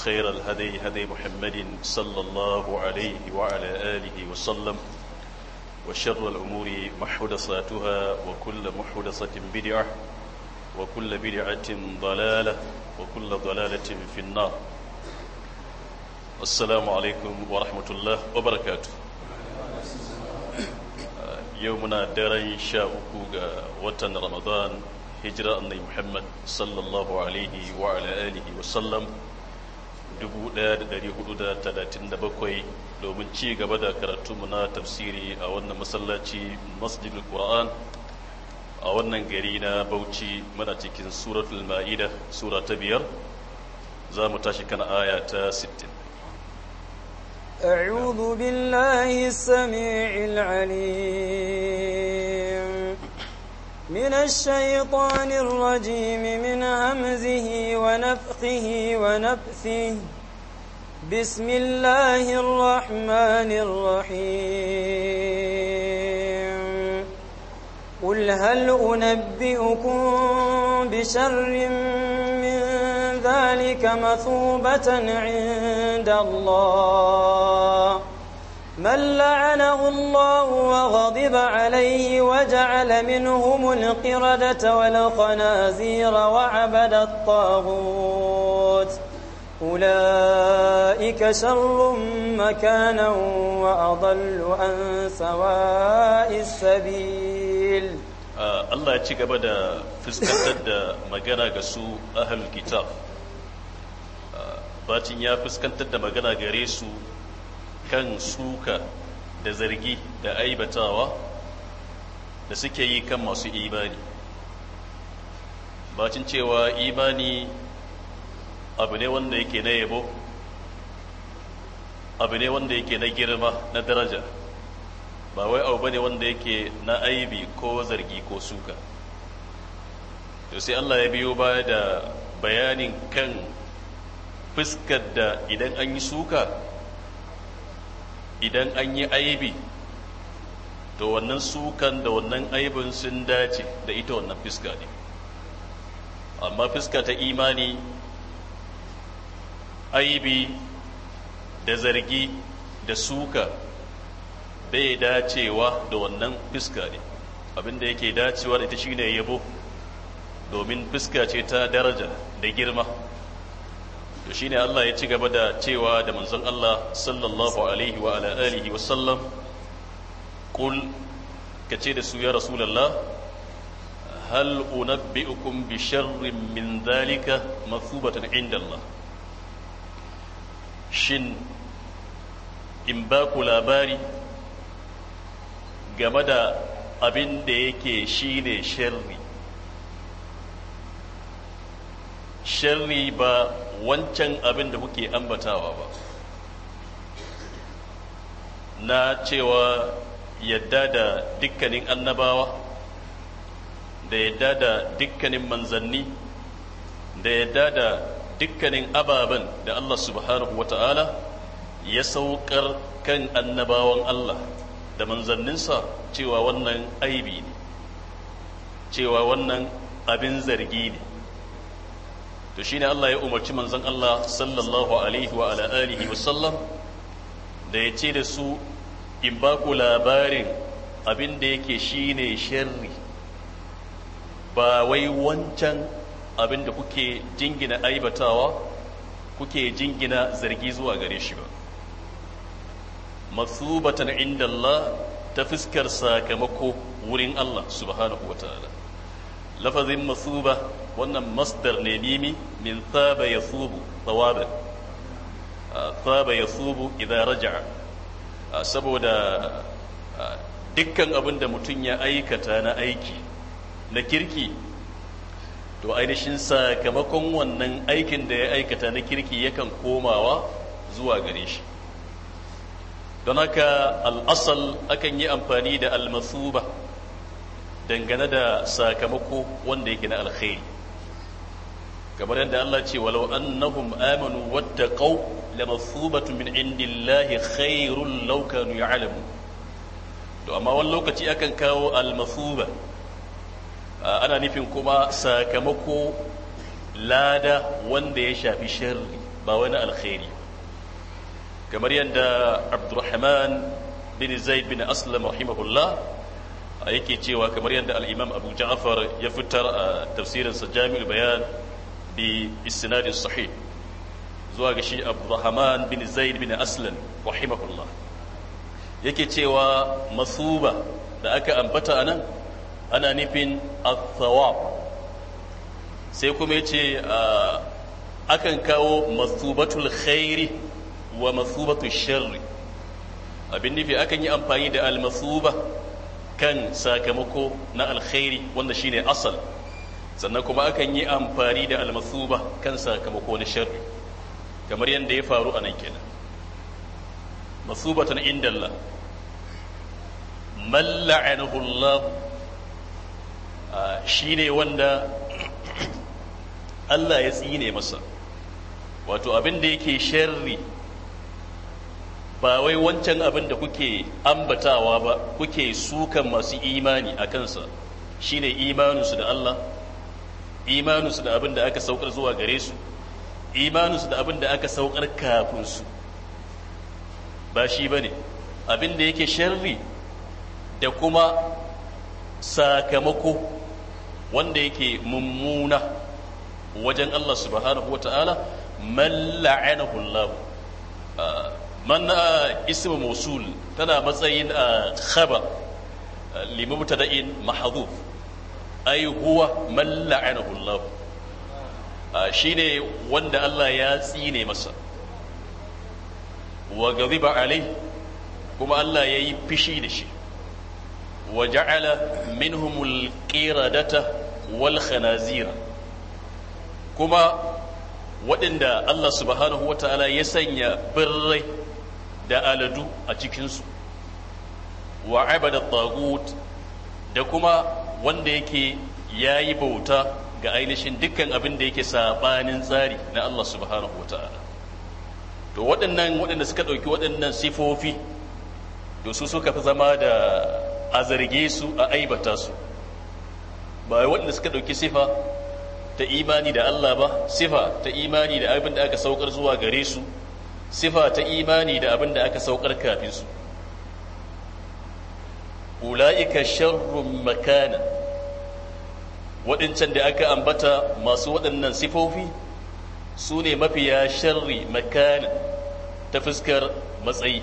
وخير الهدي هدي محمد صلى الله عليه وعلى آله وسلم وشر الأمور محدثاتها وكل محدثة بدعة وكل بدعة ضلالة وكل ضلالة في النار السلام عليكم ورحمة الله وبركاته يومنا درين شاوكوغا وطن رمضان هجرة النبي محمد صلى الله عليه وعلى آله وسلم 1437 domin ci gaba da karatunmu na tafsiri a wannan masallaci masjidul qur'an a wannan gari na bauchi muna cikin suratul ma'ida sura ta biyar za mu tashi kan aya ta 60 أعوذ بالله السميع العليم من الشيطان الرجيم من همزه ونفخه ونفثه بسم الله الرحمن الرحيم قل هل أنبئكم بشر من ذلك مثوبة عند الله من لعنه الله وغضب عليه وجعل منهم القردة والخنازير وعبد الطاغوت أولئك شر مكانا وأضل عن سواء السبيل آه، الله يتيك أبدا في da fuskantar da magana الكتاب su ahlul في bacin ya fuskantar kan suka da zargi da aibatawa da suke yi kan masu imani bacin cewa imani abu ne wanda yake na yabo abu ne wanda yake na girma na daraja ba wai abu ne wanda yake na aibi ko zargi ko suka to sai Allah ya biyo baya da bayanin kan fuskar da idan an yi suka idan an yi aibi to wannan sukan da wannan aibin sun dace da ita wannan fiska ne amma fiska ta imani aibi da zargi da suka bai dacewa da wannan fiska ne abinda yake dacewa da ita shine yabo domin fiska ce ta daraja da girma to shine Allah ya ci gaba da cewa da manzon Allah sallallahu alaihi wa ala alihi wa sallam qul kace da su ya rasulullah hal unabbiukum bi sharrin min dhalika mathubatan inda Allah shin in ba ku labari game da abin da yake shine sharri sharri ba wancan abin da kuke ambatawa ba na cewa yadda da dukkanin annabawa da yadda da dukkanin manzanni da yadda da dukkanin ababen da Allah subhanahu wa ta'ala ya saukar kan annabawan Allah da manzanninsa cewa wannan aibi ne cewa wannan abin zargi ne to shine Allah ya umarci manzon Allah sallallahu alaihi wa ala alihi wa sallam da ya ce da su in ba ku labarin abin da yake shine sharri ba wai wancan abin da kuke jingina aibatawa kuke jingina zargi zuwa gare shi ba matsubatan inda Allah ta fuskar sakamako wurin Allah subhanahu wa ta'ala lafazin masuba wannan masdar ne mimi min saba ya subu tsawabin saba ah, ya subu idan raja'a ah, saboda ah, dukkan abin da mutum ya aikata na aiki na kirki to ainihin sakamakon wannan aikin da ya aikata na kirki yakan komawa zuwa gare shi don haka al'asal akan yi amfani da almasuba dangane da sakamako wanda yake na alkhairi kamar yadda Allah ce walau annahum amanu wattaqau lamathubatun min indillahi khairun law kanu ya'lamun to amma wani lokaci akan kawo almathuba ana nufin kuma sakamako lada wanda ya shafi sharri ba wani alkhairi kamar yadda Abdurrahman bin Zaid bin Aslam rahimahullah yake cewa kamar yadda al-imam abu ja'far ya fitar a tafsirinsa jami'ul bayan bi isnadin sahih zuwa ga shi abdurrahman bin zaid bin aslan rahimahullah yake cewa masuba da aka ambata anan ana nufin athawab sai kuma yace akan kawo masubatul khairi wa masubatul sharri abin nufi akan yi amfani da al-masuba kan sakamako na alkhairi wanda shine asal sannan kuma akan yi amfani da almasuba kan sakamako na sharri kamar yadda ya faru a nan kenan masubatan indala Allah man la'anahu Allah shine wanda Allah ya tsine masa wato abin da yake sharri ba wai wancan abin da kuke ambatawa ba kuke sukan masu imani a kansa shine imaninsu da Allah imaninsu da abin da aka saukar zuwa gare su imaninsu da abin da aka saukar kafin su ba shi ba ne abin da yake sharri da kuma sakamako wanda yake mummuna wajen Allah subhanahu wa ta'ala Allah ah, man ismu mausul tana matsayin khabar limu mutada'in mahdhuf ai huwa man la'anahu Allah shine wanda Allah ya tsine masa wa ghadiba alai kuma Allah yayi fishi da shi wa ja'ala minhumul qiradata wal khanazira kuma waɗanda Allah subhanahu wa ta'ala ya sanya birrai da aladu a cikinsu wa abada tagut da kuma wanda yake ya yi bauta ga ainihin dukkan abin da yake saɓanin tsari na Allah subhanahu wa ta'ala to waɗannan waɗanda suka ɗauki waɗannan sifofi to su suka fi zama da a zarge su a aibata su ba waɗanda suka ɗauki sifa ta imani da Allah ba sifa ta imani da abin da aka saukar zuwa gare su sifa ta imani da abin da aka saukar kafin su ula'ika sharrun makana waɗancan da aka ambata masu waɗannan sifofi su ne mafiya sharri makana ta fuskar matsayi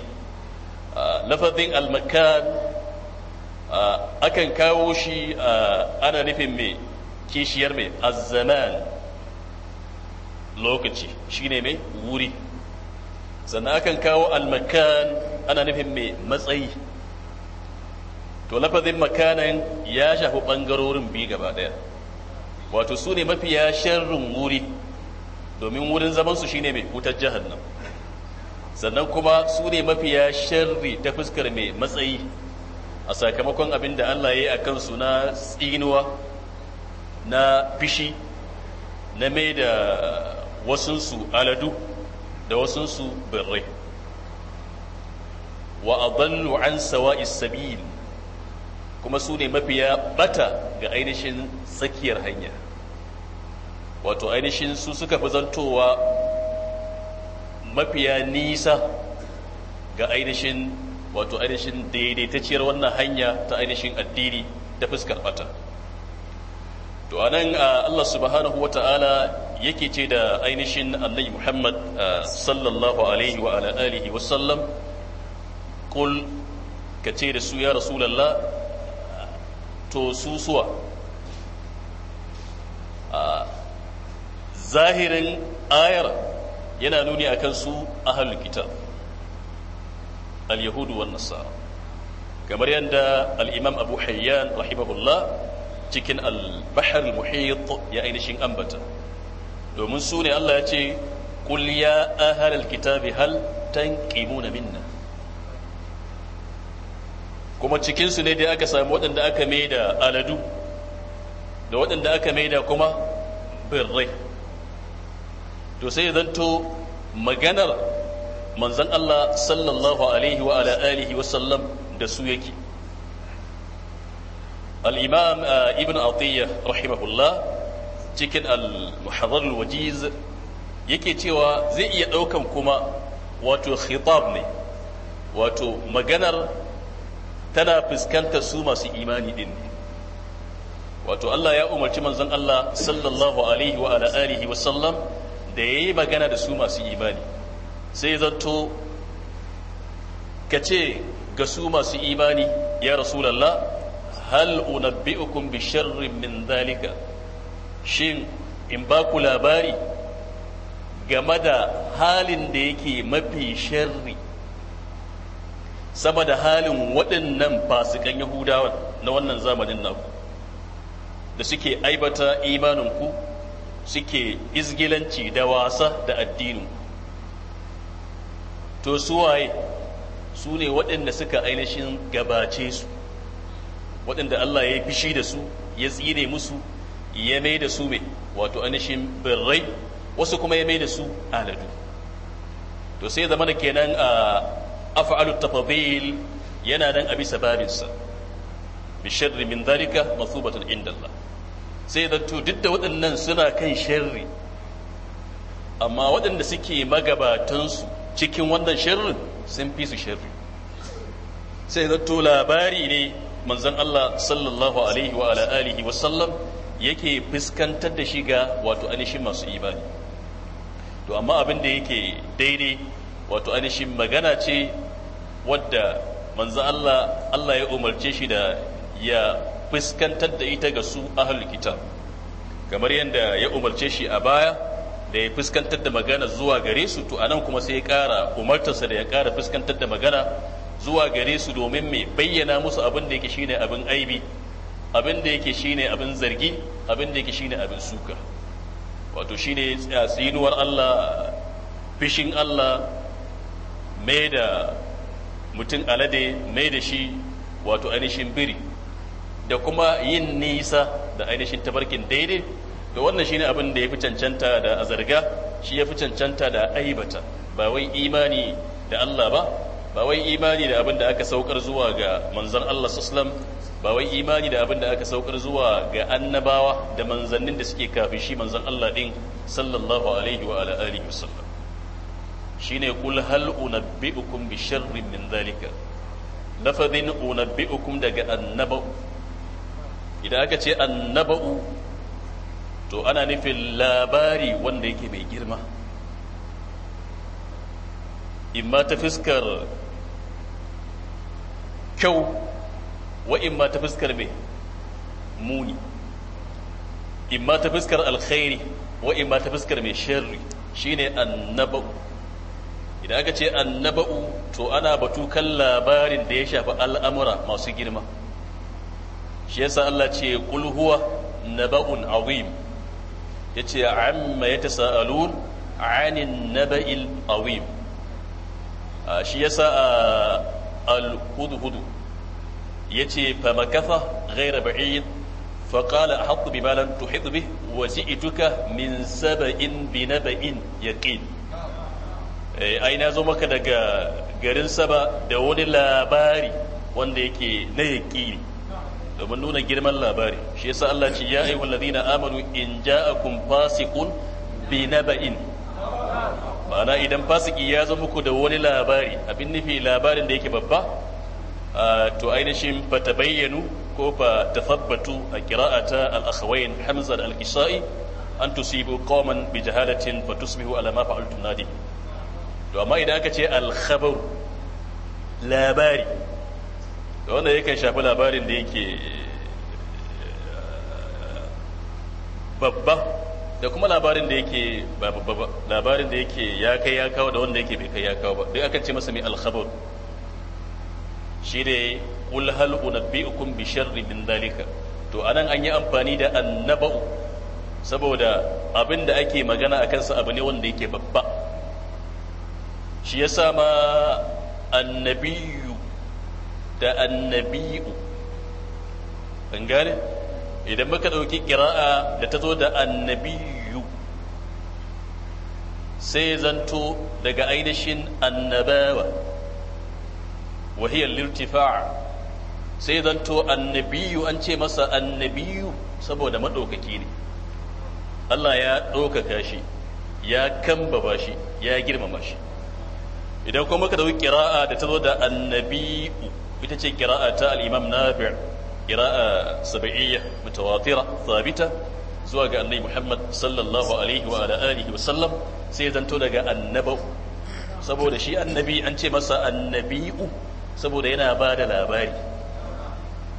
lafazin almakan akan kawo shi ana nufin mai kishiyar mai azzaman lokaci shine mai wuri sannan akan kawo almakan ana nufin mai matsayi to lafazin makanan ya shafi ɓangarorin bi gaba ɗaya wato su ne mafiya sharrin wuri domin wurin zamansu shine mai wutar jahannam sannan kuma su ne mafiya sharri ta fuskar mai matsayi a sakamakon abin da Allah ya yi a kansu na tsinuwa na fishi na mai da wasunsu aladu da wasunsu birrai wa adallu an sawa'is sabil kuma su ne mafiya bata ga ainihin tsakiyar hanya wato ainihin su suka fi zantowa mafiya nisa ga ainihin wato ainihin daidaitacciyar wannan hanya ta ainihin addini da fuskar bata to anan Allah subhanahu wata'ala yake ce da ainihin annabi Muhammad uh, sallallahu alaihi wa ala alihi wa sallam kul ka ce da su ya rasulullah to susuwa uh, zahirin ayar yana nuni akan su ahlul kitab al-yahudu wa nasara kamar yadda al-imam Abu Hayyan rahimahullah cikin al-bahr al-muhit ya ainihin ambata domin su ne Allah ya ce qul ya ahlal kitabi hal tanqimuna minna kuma cikin su ne dai aka samu waɗanda aka maida aladu da waɗanda aka maida kuma birrai to sai zanto maganar manzon Allah sallallahu alaihi wa ala alihi wa sallam da su yake al-imam eh, ibn atiyya rahimahullah cikin al-muhadhar al-wajiz yake cewa zai iya daukan kuma wato khitab ne wato maganar tana fuskantar su masu imani din ne wato Allah ya umarci manzon Allah sallallahu alaihi wa alihi wa sallam da yayi magana da su masu imani sai zanto kace ga su masu imani ya rasulullah hal unabbi'ukum bi sharrin min dhalika shin in ba ku labari game da halin da yake mafi sharri sama da halin waɗannan fasikan yahudawan na wannan zamanin naku da suke aibata imaninku suke izgilanci da wasa da addinin to suwaye su ne waɗanda suka ainihin gabace su waɗanda Allah ya yi fishi da su ya tsire musu ya mai da su mai wato anishin birrai wasu kuma ya mai da su aladu to sai zama da kenan a af'alu tafadil yana nan a bisa babinsa bi sharri min dalika mathubatan inda sai da to duk da waɗannan suna kan sharri amma waɗanda suke magabatansu cikin wannan sharrin sun fi su sharri sai da to labari ne manzon Allah sallallahu alaihi wa ala alihi wa sallam yake fuskantar da shiga, wato ainihin masu imani to amma abin da yake daidai wato ainihin magana ce wadda manzo Allah Allah ya umarce shi da ya fuskantar da ita ga su ahlul kitab kamar yadda ya umarce shi a baya da ya fuskantar da magana zuwa gare su to anan kuma sai ya kara umartarsa da ya kara fuskantar da magana zuwa gare su domin mai bayyana musu abin da yake shine abin aibi abin da yake shine abin zargi abin da yake shine abin suka wato shine eh, tsinuwar Allah fishin Allah mai da mutum alade mai da shi wato ainihin biri da kuma yin nisa da ainihin tabarkin daidai da wannan shine abin da ya fi cancanta da azarga shi ya fi cancanta da aibata ba wai imani da Allah ba ba wai imani da abin da aka saukar zuwa ga manzan Allah sallam ba wai imani da abin da aka saukar zuwa ga annabawa da manzannin da suke kafin shi manzan Allah din sallallahu alaihi wa ala alihi wasallam shine kul hal unabbiukum bi sharrin min zalika lafazin unabbiukum daga annaba'u idan aka ce annaba'u to ana nufin labari wanda yake mai girma imma ta fuskar kyau wa imma ta fuskar mai muni imma ta fuskar alkhairi wa imma ta fuskar mai shirri sharri shine annaba'u idan aka ce annaba'u to ana batu kan labarin da ya shafi al'amura masu girma shi yasa Allah ce qul huwa naba'un azim yace amma yatasaalun anin naba'il awim shi yasa al-hudhudu yace fa makatha ghayra ba'id fa qala ahatu bima lam tuhit bih wa ji'tuka min sab'in bi naba'in yaqin eh, ai na zo maka daga garin saba da wani labari wanda yake na yaqini domin nuna girman labari shi yasa Allah ce ya ayyuhallazina amanu in ja'akum fasiqun bi naba'in ma'ana idan fasiki ya zo muku da wani labari abin nufi labarin da yake babba to ainihin ta bayyanu ko fa tafabbatu a qira'ata al-akhawain Hamza da al-Kisai an tusibu qauman bi jahalatin fa tusbihu ala ma fa'altum nadi to amma idan aka ce al-khabar labari to wanda yake shafi labarin da yake babba da kuma labarin da yake ba ba labarin da yake ya kai ya kawo da wanda yake bai kai ya kawo ba duk akan ce masa mai alkhabar shi ne qul hal unabbi'ukum bi sharri min dalika to anan an yi amfani da annaba'u saboda abin da ake magana a sa abu ne wanda yake babba shi ya sa ma annabiyu da annabi'u an gane idan muka ɗauki ƙira'a da ta zo da annabiyu sai zanto daga ainihin annabawa wahiyar lirtifa sai zanto annabiyu an ce masa annabiyu saboda maɗaukaki ne Allah ya ɗaukaka shi ya kambaba shi ya girmama shi idan kuma muka ɗauki ƙira'a da ta zo da annabiyu ita ce ƙira'a ta al'imam nafi' qira'a sab'iyya mutawatira thabita zuwa ga annabi Muhammad sallallahu alaihi wa ala wa sallam sai ya zanto daga annabau saboda shi annabi an ce masa annabi'u saboda yana ba da labari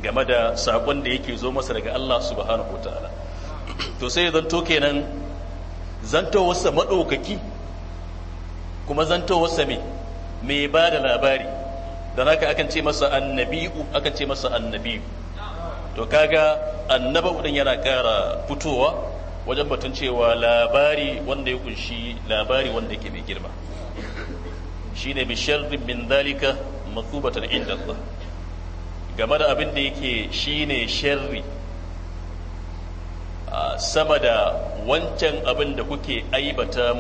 game da sakon da yake zo masa daga Allah subhanahu to sai kenan zanto wasa kuma zanto wasa me mai ba da labari don haka akan ce masa annabi'u akan ce masa annabi'u to kaga annaba din yana kara fitowa wajen batun cewa labari wanda ya kunshi labari wanda yake mai girma shine bi sharrin min dhalika mathubatan inda Allah game da abin da yake shine sharri sama da wancan abin da kuke aibata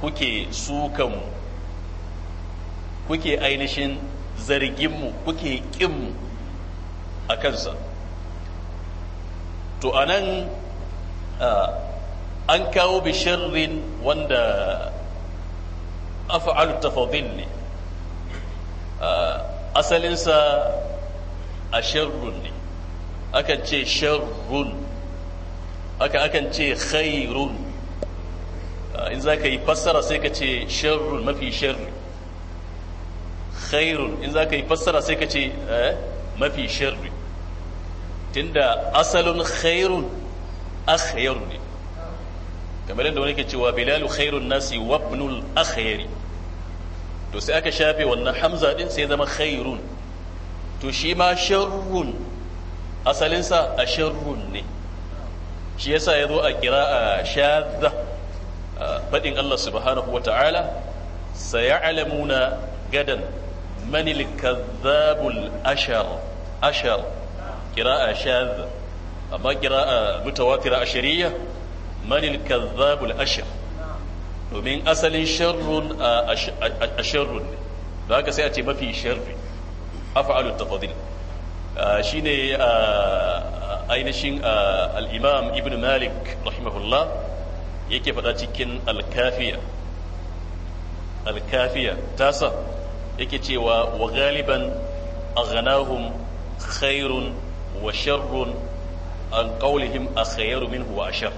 kuke sukan kuke ainihin zarginmu kuke mu. a kansa to anan an kawo bishirin wanda afa'alu tafadil ne asalinsa a sharrun ne akan ce sharrun aka akan ce khairun in za ka yi fassara sai ka ce sharrun mafi sharri khairun in za ka yi fassara sai ka ce eh, mafi sharri tunda asalin khairun akhyaru ne kamar yadda wani ke cewa bilalu khairun nasi wabnul akhyari to sai aka shafe wannan hamza din sai zama khairun to shi ma sharrun asalinsa a sharrun ne shi yasa ya zo a kira a shadda faɗin Allah subhanahu wa ta'ala sayalamuna gadan manil kadhabul ashar ashar قراءة شاذة أما قراءة متواترة أشرية من الكذاب الأشر ومن أصل شر أشر ذاك سيأتي ما في شر أفعل التفضيل آه، شيني آه، آه، أين شين الإمام ابن مالك رحمه الله يكي فتاتيكين الكافية الكافية تاسا يكي وغالبا أغناهم خير wa sharrun an qawlihim akhayru minhu wa ashar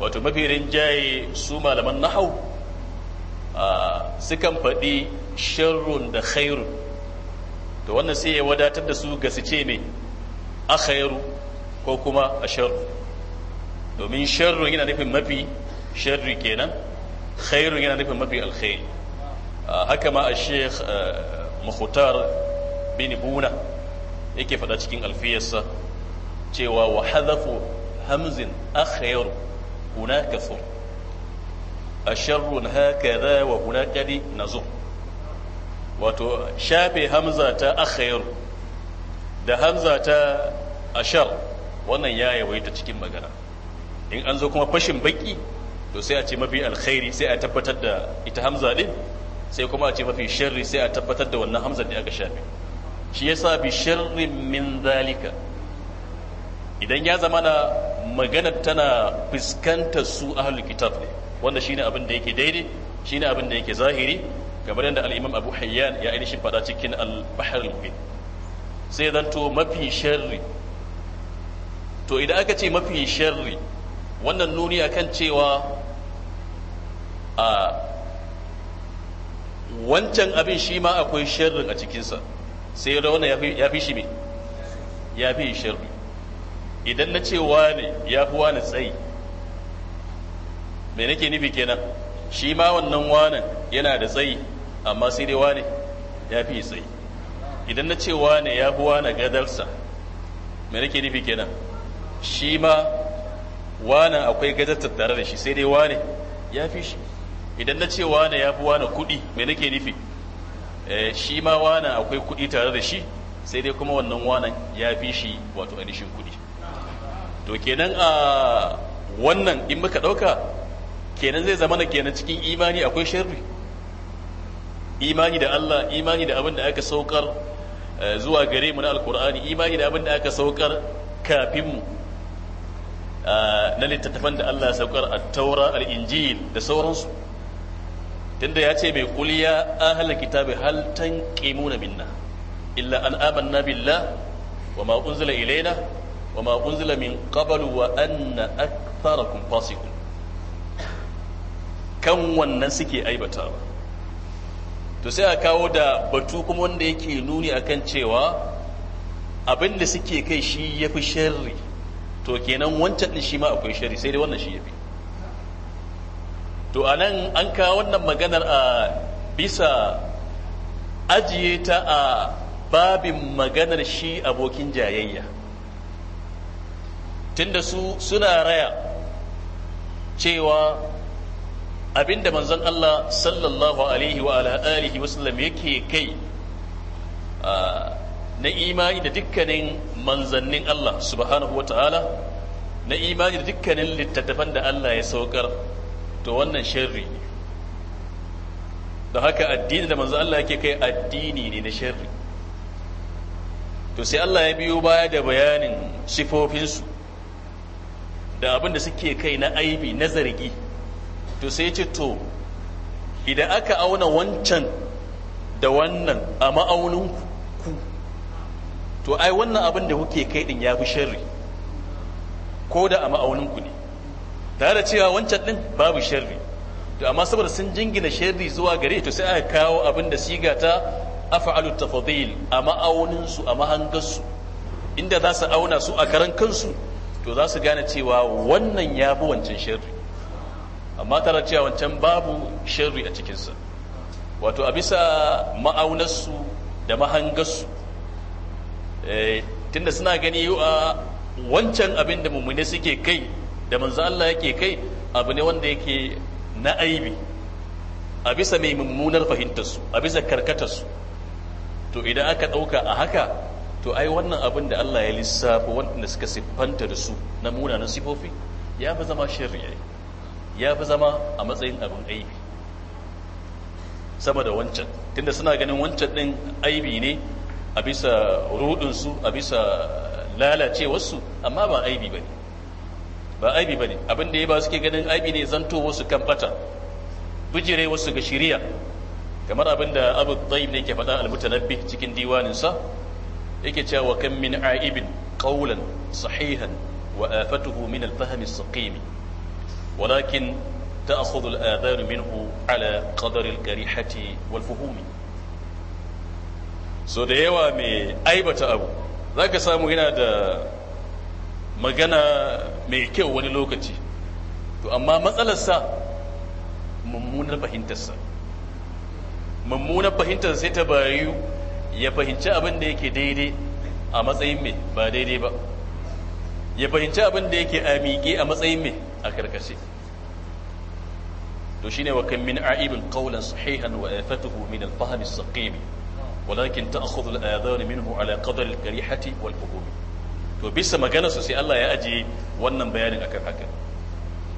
wato mafi rinjaye su malaman nahau sukan faɗi sharrun da khairu to wannan sai ya wadatar da su ga su ce mai akhairu ko kuma ashar domin sharrun yana nufin mafi sharri kenan khairun yana nufin mafi alkhairi haka ma a sheikh eh, mukhtar bin buna yake faɗa cikin alfiyarsa cewa wa hadafu hamzin akhayru hunaka sur asharrun hakaza wa hunaka di nazur wato shafe hamza ta akhayru da hamza ta ashar wannan ya yawaita cikin magana in an zo kuma fashin baki to sai a ce mafi alkhairi sai a tabbatar da ita hamza din sai kuma a ce mafi sharri sai a tabbatar da wannan hamza da aka shafe shi ya sa bi sharrin min zalika idan ya zama na magana tana fuskanta su ahlul kitab ne wanda shine abin da yake daidai shine abin da yake zahiri kamar yadda al-imam Abu Hayyan ya ainihin fada cikin al-Bahr al-Mubin sai mafi sharri to idan aka ce mafi sharri wannan nuni akan cewa a wancan abin shi ma akwai sharrin a cikinsa sai da wannan ya fi shi ne ya fi sharri idan na ce wane ya fi wane tsayi me nake nufi kenan shi ma wannan wanan yana da tsayi amma sai dai wane ya fi tsayi idan na ce wane ya fi wane gadarsa me nake nufi kenan shi ma wanan akwai gadar tare da shi sai dai wane ya fi shi idan na ce wane ya fi wane kuɗi me nake nufi Eh, shi ma wana akwai kuɗi tare da shi sai dai kuma wannan wanan ya fi shi wato ainihin kuɗi to kenan a wannan in muka ɗauka kenan zai zama na kenan cikin imani akwai sharri imani da Allah imani da abin da aka saukar eh, zuwa gare mu na alkur'ani imani da abin da aka saukar kafin mu eh, na littattafan da Allah ya saukar a taura al-injil da sauransu tunda ya ce mai kuliya ahal kitabi hal tanqimuna minna illa an amanna billah wa ma unzila ilaina wa ma unzila min qablu wa anna aktharakum fasiqun kan wannan suke aibatawa to sai a kawo da batu kuma wanda yake nuni akan cewa abin da suke kai shi yafi sharri to kenan wancan din shi ma akwai sharri sai dai wannan shi yafi to anan an kawo wannan maganar a bisa ajiye ta a babin maganar shi abokin jayayya tunda su suna raya cewa abinda manzon Allah sallallahu alaihi wa alihi wasallam yake kai na imani da dukkanin manzannin Allah subhanahu wa ta'ala na imani da dukkanin littattafan da Allah ya saukar to wannan sharri ne da haka addini da manzo Allah yake kai addini ne na sharri to sai Allah ya biyo baya da bayanin sifofinsu da abin da suke kai na aibi na zargi to sai ce to idan aka auna wancan da wannan a ma'aunin ku to ai wannan abin da kuke kai din ya fi sharri ko da a ma'aunin ku ne tare da cewa wancan din babu sharri to amma saboda sun jingina sharri zuwa gare to sai aka kawo abin da siga ta af'alu tafadil a ma'aunin su a mahangarsu inda za su auna su a karan kansu to za su gane cewa wannan ya fi wancan sharri amma tare da cewa wancan babu sharri a cikinsa wato a bisa ma'aunar su da mahangarsu eh, tunda suna gani a wancan abin da mummune suke kai da manzo Allah yake kai abu ne wanda yake na aibi a bisa mai mummunar fahimtarsu a bisa karkatarsu to idan aka ɗauka a haka to ai wannan abin da Allah ya lissafa wanda suka siffanta da su na munanan sifofi ya fi zama shirya ya fi zama a matsayin abin aibi sama da wancan tunda suna ganin wancan ɗin aibi ne a bisa rudinsu a bisa lalacewarsu amma ba aibi ba ne ba aibi ba ne abin da ya ba suke ganin aibi ne zanto wasu kan bata bijire wasu ga shiriya kamar abin da abu tsayib ne ke faɗa almutanabbi cikin diwaninsa yake cewa wa kan min aibin qawlan sahihan wa afatuhu min alfahmi as-saqim walakin تأخذ ala منه على قدر wal fuhumi. so da yawa mai aibata abu za ka samu yana da magana mai kyau wani lokaci to amma matsalarsa mummunar fahimtarsa mummunar fahimtar sai ta bayu ya fahimci abin da yake daidai a matsayin mai ba daidai ba ya fahimci abin da yake a miƙe a matsayin mai a karkashe to shine wa kan min a'ibin qawlan sahihan wa afatuhu min al-fahm as-saqim walakin ta'khudhu al-adhan minhu ala qadar al-karihati wal-fuhumi to bisa magana su sai Allah ya ajiye wannan bayanin akan haka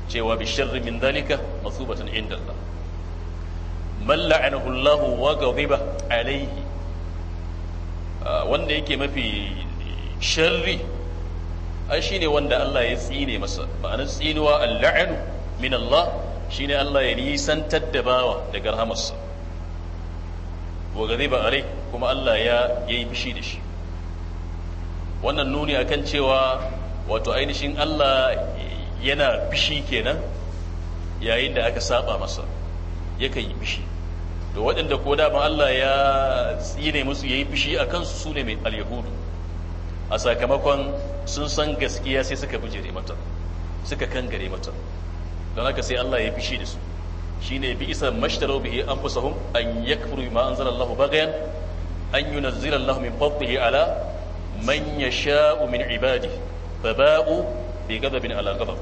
cewa bi sharri min dalika masubatan inda Allah man la'anahu Allah wa ghadiba alayhi ah, wanda yake mafi sharri ai shine wanda Allah ya tsine masa ma'anar tsinuwa al-la'nu min Allah shine Allah ya nisantar da bawa daga rahamarsa wa ghadiba alayhi kuma Allah ya yi fushi da shi wannan nuni akan cewa wato ainihin Allah yana bishi kenan yayin da aka saba masa yakan yi bishi to waɗanda ko daban Allah ya tsine musu yayi bishi a kansu su ne mai alyahudu a sakamakon sun san gaskiya sai suka bijire mata suka kangare mata don haka sai Allah ya bishi da su shine bi isa mashtaro bihi anfusahum an yakfuru bima anzala Allah an yunazzila min fadlihi ala man yasha'u min ibadi fa ba'u bi ghadabin ala ghadab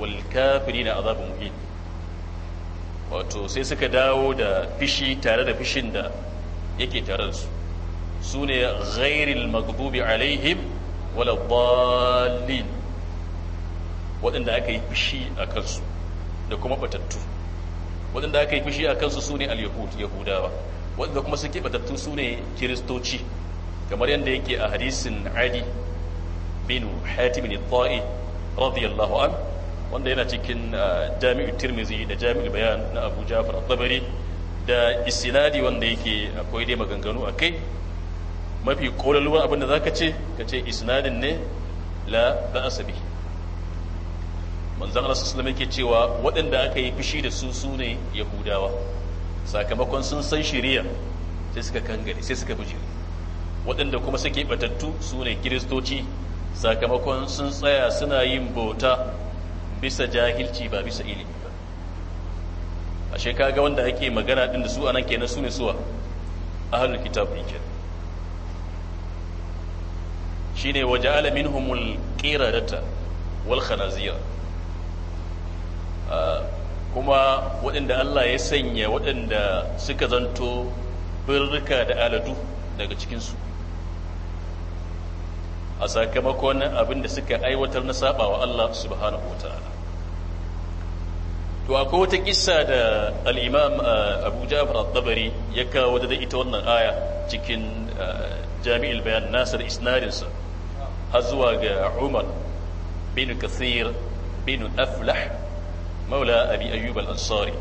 wal kafirina azabun muhin wato sai suka dawo da fishi tare da fishin da yake tare da su su ne ghairil maghdubi alaihim wala dallin waɗanda aka yi fishi a kansu da kuma batattu waɗanda aka yi fishi a kansu su ne al-yahud yahudawa waɗanda kuma suke batattu su ne kiristoci kamar yadda yake a hadisin ali bin hatim ta'i radiyallahu an wanda yana cikin uh, jami'u tirmizi da jami'u bayan na abu jafar tabari da isnadi wanda yake akwai dai maganganu a kai mafi kolaluwa abin da za ka ce ka ce isnadin ne la ba asabi manzan rasu sulamin ke cewa waɗanda aka yi fushi da su su ne yahudawa sakamakon sun san shirya sai suka kangare sai suka bijiri waɗanda kuma suke batattu su ne kiristoci sakamakon sun tsaya suna yin bauta bisa jahilci ba bisa ilimi ba ashe kaga wanda ake magana ɗin da su anan kenan su ne suwa ahlul kitab ɗin shi ne waje alamin humul ƙirarata wal khanazira ah, kuma waɗanda Allah ya sanya waɗanda suka zanto birrika da aladu daga cikinsu a sakamakon abin da suka aiwatar na saba wa Allah subhanahu wa ta'ala to akwai wata kissa da al-imam uh, Abu Ja'far al-Tabari ya kawo da ita wannan aya cikin uh, Jami'il Bayan Nasir isnadinsa har zuwa ga Umar bin Kathir bin Aflah maula Abi Ayyub al-Ansari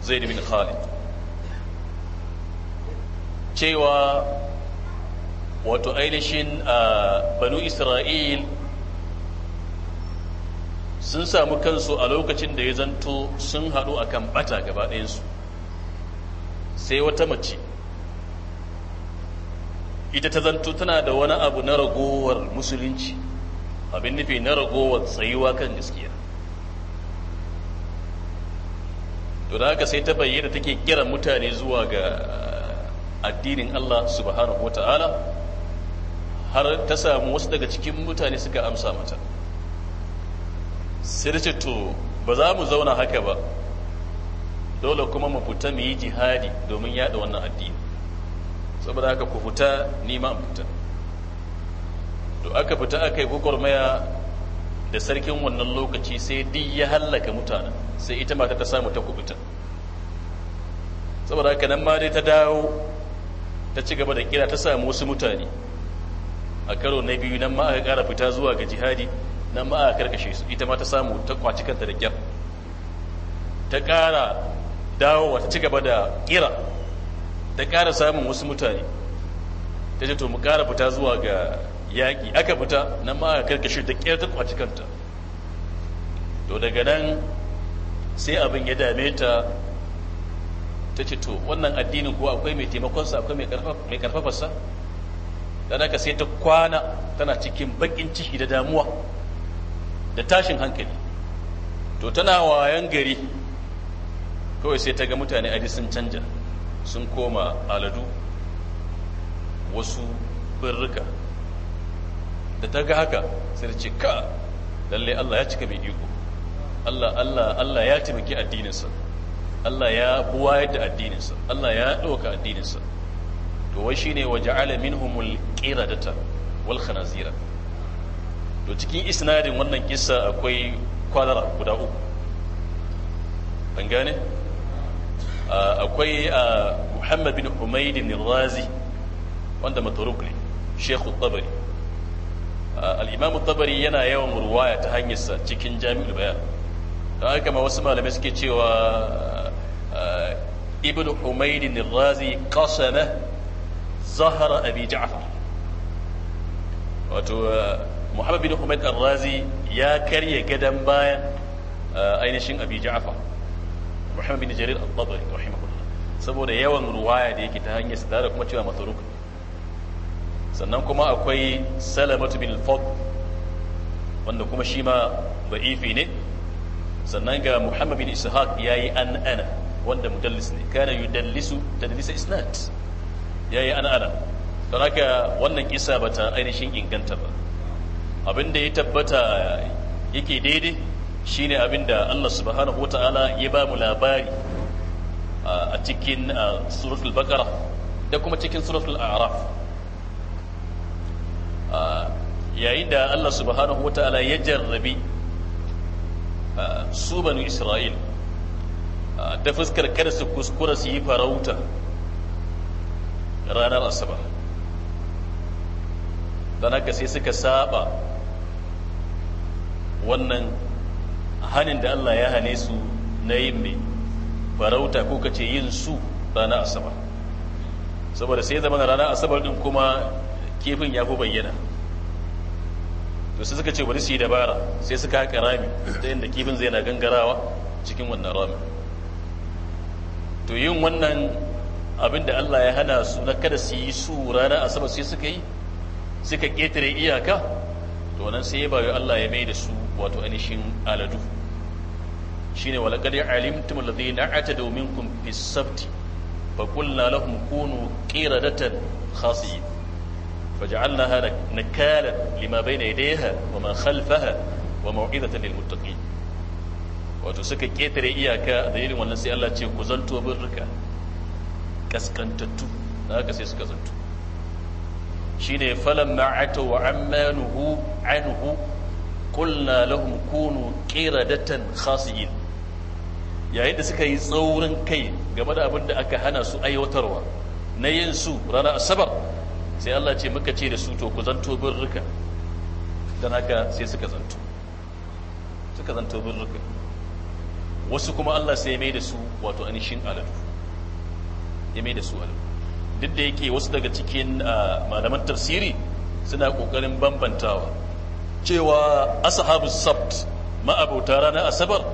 Zaid bin Khalid cewa wato ainihin banu isra'il sun samu kansu a lokacin da ya zanto sun haɗu a kan ɓata gaba sai wata mace ita ta zanto tana da wani abu na ragowar musulunci abin nufi na ragowar tsayuwa kan gaskiya to da haka sai ta bayyana take kira mutane zuwa ga addinin Allah subhanahu wa ta'ala har ta samu wasu daga cikin mutane suka amsa mata sai da ce to ba za mu zauna haka ba dole kuma mu fita mu yi jihadi domin yada wannan addini saboda haka ku fita nima fita to aka fita aka yi gwagwarmaya da sarkin wannan lokaci sai duk ya hallaka mutane sai ita mata ta samu ta kubuta saboda haka nan ma dai ta dawo ta ci gaba da kira ta samu wasu mutane a karo na biyu nan ma aka kara fita zuwa ga jihadi nan ma aka karkashe su ita ma ta samu ta kwaci kanta da kyar ta kara dawo ta ci gaba da kira ta kara samun wasu mutane ta ce to mu kara fita zuwa ga yaƙi aka fita nan ma aka karkashe ta kyar ta kwaci kanta to daga nan sai abin ya dame ta ta ce to wannan addinin ko akwai mai taimakonsa akwai mai karfafarsa dan haka sai ta kwana tana cikin bakin ciki da damuwa da tashin hankali to tana wayan gari kawai sai ta ga mutane aji sun canja sun koma aladu wasu birrika da ta ga haka sai ta ce ka lalle Allah ya cika mai iko Allah Allah Allah ya taimaki addininsa Allah ya buwayar da addininsa Allah ya ɗauka addininsa to wai shine wa ja'ala minhumul qiradata wal khanazira to cikin isnadin wannan kissa akwai kwalara guda uku an gane akwai Muhammad bin Humayd bin Razi wanda matruk ne Sheikh tabari al-Imam tabari yana yawan ruwaya ta hanyarsa cikin Jami'ul Bayan don haka ma wasu malamai suke cewa Ibn Humayd bin Razi qasama zahara abi ja'far wato muhammad bin humaid al-razi ya karya gadon bayan ainihin abi ja'far muhammad bin jarir al-tabari rahimahullah saboda yawan ruwaya da yake ta hanyar sa da kuma cewa matruk sannan kuma akwai salamatu bin al-fadl wanda kuma shi ma da'ifi ne sannan ga muhammad bin ishaq yayi an ana wanda mudallis ne kana yudallisu tadlisa isnad ya yi ana don haka wannan kisa ba ta ainihin inganta ba abin da ya tabbata yake daidai shine abin da Allah subhanahu wa ta'ala ya ba mu labari a cikin suratul baqara da kuma cikin suratul a'raf yayin da Allah subhanahu wa ta'ala ya jarrabi su banu Isra'il ta fuskar kada su kuskura su yi farauta ranar asabar don haka sai suka saba wannan hanin da Allah ya hane su na yin mai farauta ko kace yin su ranar asabar saboda sai zama ranar asabar din kuma kifin ya fi bayyana to sai suka ce bari su yi dabara sai suka haka rami ta da kifin zai na gangarawa cikin wannan rami to yin wannan Abin da Allah ya hana su na kada su yi su rana asabar sai suka yi suka ƙetare iyaka to nan sai ya bayo Allah ya mai da su wato ainihin aladu shine wala qad alimtum alladhina atadu minkum fi sabti fa qulna lahum kunu qiradatan khasi'in فجعلناها نكالا لما بين يديها وما wato suka ƙetare iyaka da irin wannan sai Allah ce ku zanto bin kaskantattu da haka sai suka zanto shine falamma atau ammanuhu anhu qulna lahum kunu qiradatan khasiin yayin da suka yi tsaurin kai game da abin da aka hana su aiwatarwa na yin su rana asabar sai Allah ce muka ce da su to ku zanto birrika dan haka sai suka zanto suka zanto birrika wasu kuma Allah sai mai da su wato anishin aladu ya mai da su alu duk da yake wasu daga cikin uh, malaman tafsiri suna kokarin bambantawa cewa ashabu sabt ma'abauta ranar asabar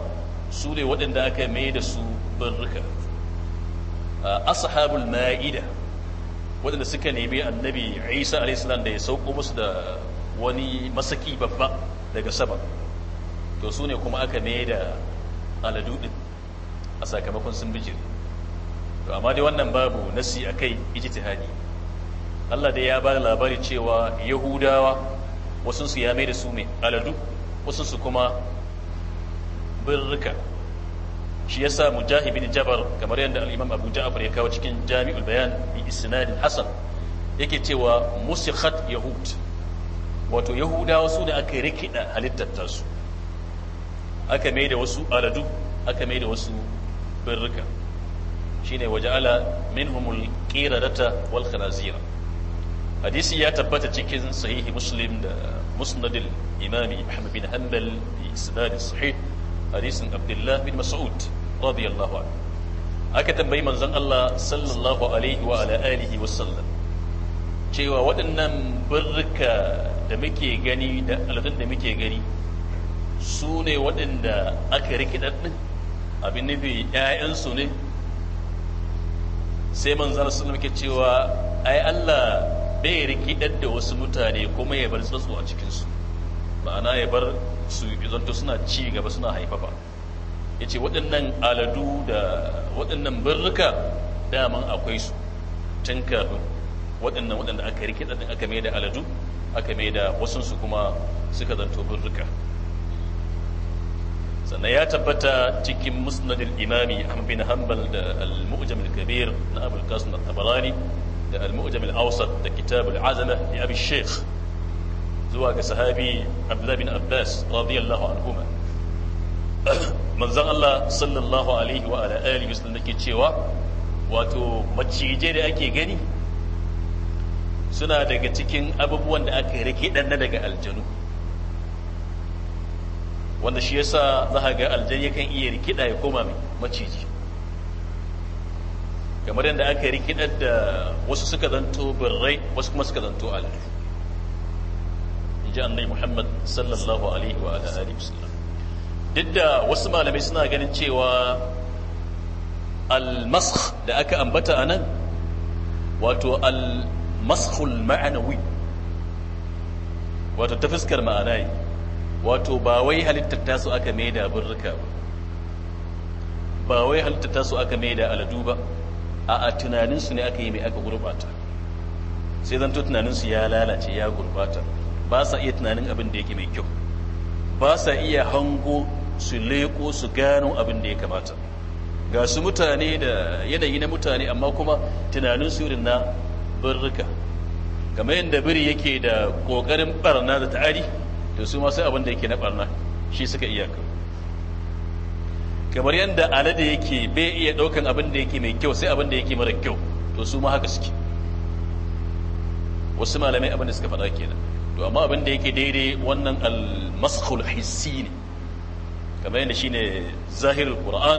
su ne waɗanda aka mai da su barruka uh, ashabul ma'ida waɗanda suka nemi annabi isa alaihissalam da ya sauko musu da wani masaki babba daga sabar to su ne kuma aka mai da aladu ɗin a sakamakon sun bijiri to amma dai wannan babu nasi akai ijtihadi Allah dai ya bada labari cewa yahudawa wasu su ya mai da su mai aladu wasu su kuma birrika shi yasa mujahid bin jabar kamar yadda alimam imam abu ja'far ya kawo cikin jami'ul bayan bi isnadin hasan yake cewa musikhat yahud wato yahudawa su ne aka rikida halittar tasu aka mai da wasu aladu aka mai da wasu birrika shine waja'ala minhumul qiradata wal khanazira hadisi ya tabbata cikin sahihi muslim da musnadil imami ahmad bin hanbal bi isnad sahih hadisin abdullah bin mas'ud radiyallahu anhu aka tambayi manzon Allah sallallahu alaihi wa ala alihi wa sallam cewa waɗannan birka da muke gani da aladun da muke gani su ne waɗanda aka rikidar din abin nufi 'ya'yansu ne sai zara sallam ke cewa ai Allah bai rikidar da wasu mutane kuma ya bar tsatsu a cikinsu ma'ana ya bar su zanto suna ci gaba suna haifafa ya ce waɗannan aladu da waɗannan birrika daman akwai su tun kafin waɗannan waɗanda aka rikidar aka mai da aladu aka mai da wasansu kuma suka zanto birrika sannan ya tabbata cikin musnadin imami ahmad bin hanbal da al-mu'jam al-kabir na abul qasim al-tabarani da al-mu'jam al-awsat da kitab al-azama ya abi sheikh zuwa ga sahabi abdullah bin abbas radiyallahu anhuma manzon Allah sallallahu alaihi wa ala alihi wasallam yake cewa wato macije da ake gani suna daga cikin abubuwan da aka rike dan daga aljanu wanda shi yasa za ka ga aljan yakan iya rikida ya koma mai maciji kamar yadda aka rikidar da wasu suka zanto birrai wasu kuma suka zanto alif inji annai muhammad sallallahu alaihi wa alihi wasallam duk da wasu malamai suna ganin cewa almasakh da aka ambata anan wato almasakhul ma'anawi wato ta fuskar ma'anai. wato ba wai halittar su aka maida birrika ba ba wai halittar su aka maida aladu ba a tunaninsu ne aka yi mai aka gurbata sai zanto tunaninsu ya lalace ya gurbata ba sa iya tunanin abin da yake mai kyau ba sa iya hango su leko su gano abin da ya kamata ga su mutane da yanayi na mutane amma kuma su irin na birrika kamar yadda biri yake da ƙoƙarin barna da ta'ari to su ma sai abin da yake na barna shi suka iyaka kamar yadda alade yake bai iya daukan abin da yake mai kyau sai abin da yake mara kyau to su ma haka suke wasu malamai abin da suka faɗa kenan to amma abin da yake daidai wannan al-maskhul hissi ne kamar yadda shine zahirul qur'an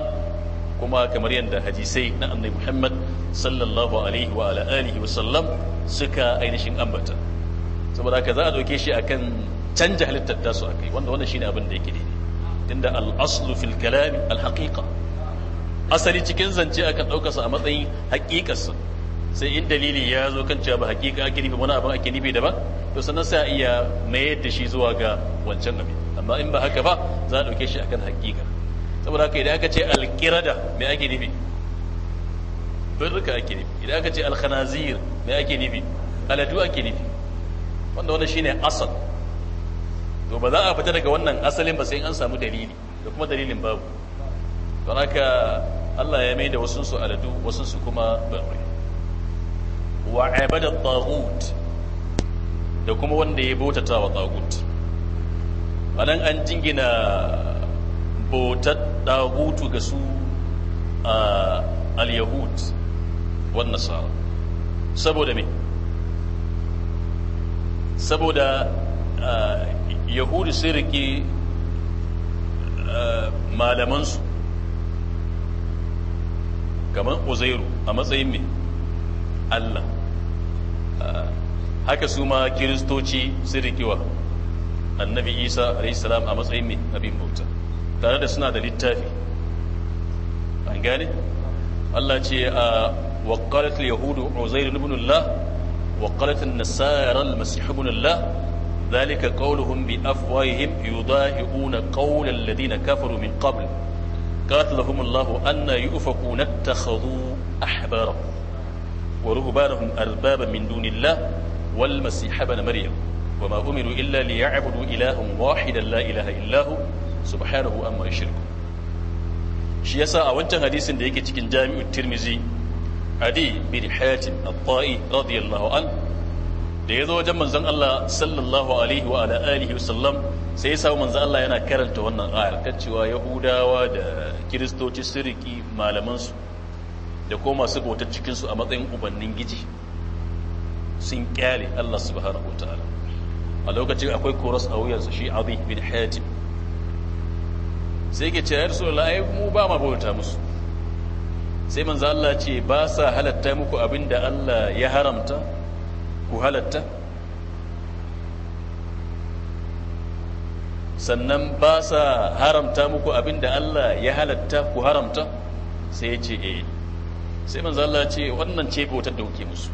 kuma kamar yadda hadisai na annabi Muhammad sallallahu alaihi wa ala alihi wa sallam suka ainihin ambata saboda haka za a doke shi akan canja halittar tasu kai wanda wannan shine abin da yake ne inda al-aslu fil kalami al-haqiqa asali cikin zance akan ɗauka sa a matsayin haƙiƙarsa sai in dalili ya zo kan cewa ba haƙiƙa ake nufi wani abin ake nufi daban to sannan sai a iya mayar da shi zuwa ga wancan abin amma in ba haka ba za a ɗauke shi akan haƙiƙa saboda haka idan aka ce alƙirada me ake nufi birka ake nufi idan aka ce alkhanazir me ake nufi aladu ake nufi wanda wannan shine asal to ba za a fita daga wannan asalin ba sai an samu dalili da kuma dalilin babu don haka Allah ya mai da wasu su aladu wasu su kuma barai wa ibada tagut da kuma wanda ya bautata wa tagut anan an jingina bautar tagutu ga su al-yahud wan nasara saboda me saboda Yahudi sun riƙi eh, malamansu kamar uzairu a matsayin mai allah eh, haka su ma kiristoci sun riƙiwa annabi isa a.s.w. a matsayin mai abin bauta tare da suna da littafi an gane allah ce a ah, waƙalatul yahudu uzairu ibn allah waƙalatul nasarar masihu ibn allah zalika qawluhum bi afwahihim yudahi'una qawla alladhina kafaru min qabl qatalahum Allah anna yufakuna ittakhadhu ahbarahum wa ruhbanahum arbaba min dunillah wal masih ibn maryam وما أمروا إلا ليعبدوا إلها واحدا لا إله إلا هو سبحانه أما يشركون shi yasa a wancan hadisin da yake cikin jami'un tirmizi adi bin hatim at radiyallahu an da ya zo wajen manzon Allah sallallahu alaihi wa ala alihi wasallam sai ya samu manzon Allah yana karanta wannan ayar ta cewa Yahudawa da Kiristoci siriki malaman su da ko masu bautar cikin su a matsayin ubannin giji sun kyale Allah subhanahu ta'ala. a lokacin akwai koras a wuyansa shi Adi bin Hatim sai ke ce ya Rasulullah ai mu ba ma bauta musu sai manzo Allah ce ba sa halatta muku abinda Allah ya haramta ku halatta sannan ba sa haramta muku abin da Allah ya halatta ku haramta sai ya ce eh sai manzo Allah ce wannan ce bautar da kuke musu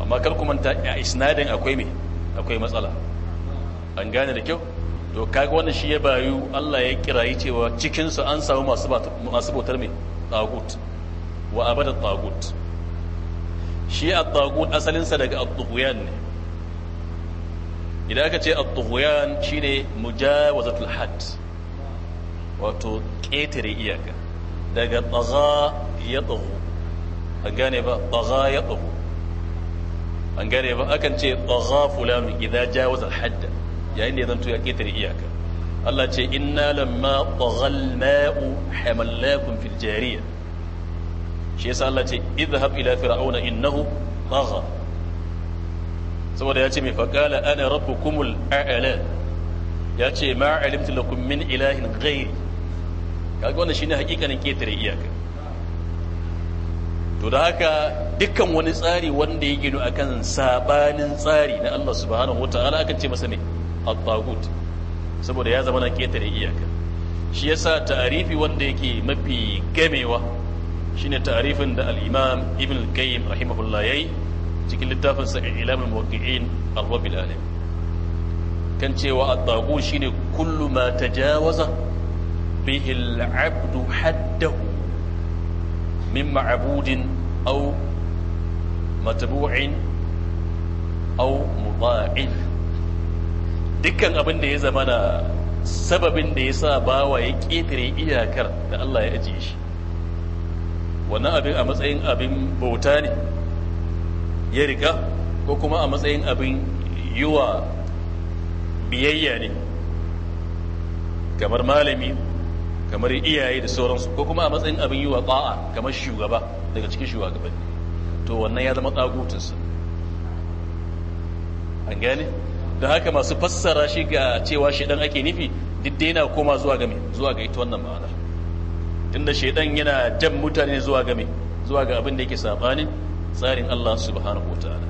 amma kar ku manta a isnadin akwai me akwai matsala an gane da kyau to kaga wannan shi ya bayu Allah ya kirayi cewa cikin su an samu masu bautar me tagut wa abada tagut shi at-tagut asalinsa daga at-tughyan ne idan aka ce at-tughyan shine mujawazatul hadd wato ketare iyaka daga tsaga ya tsago an gane ba tsaga ya tsago an gane ba akan ce tsaga fulani idan jawazar hadda yayin da ya zanto ya ketare iyaka Allah ce inna lamma tsagal ma'u hamallakun fil jariya shi yasa Allah ce idhhab ila fir'auna innahu tagha saboda yace mai faqala ana rabbukumul a'la yace ma alimtu lakum min ilahin ghairi kaga wannan shine hakikanin ketare iyaka to da haka dukkan wani tsari wanda ya gino akan sabanin tsari na Allah subhanahu wataala akan ce masa ne at-tagut saboda ya zama na ketare iyaka shi yasa ta'arifi wanda yake mafi gamewa shine tarifin da al-imam ibn al-qayyim rahimahullah yayi cikin littafin sa ilam al-muwaqqi'in ar-rabbil alamin kan cewa at-taqu shine kullu ma tajawaza bihi al-'abd haddahu min ma'budin aw matbu'in aw muda'in dukkan abin da ya zama na sababin da ya sa bawa ya ƙetare iyakar da Allah ya ajiye shi wannan abin a matsayin abin bauta ne ya riga ko kuma a matsayin abin yi wa biyayya ne kamar malami kamar iyaye da sauransu ko kuma a matsayin abin yi wa ba'a kamar shugaba daga cikin shugabanni to wannan ya zama su an gane da haka masu fassara shi ga cewa shi dan ake nufi duk dai koma zuwa ga zuwa ga ita wannan ma'anar tunda shaidan yana jan mutane zuwa ga zuwa ga abin da yake sabanin tsarin Allah subhanahu wataala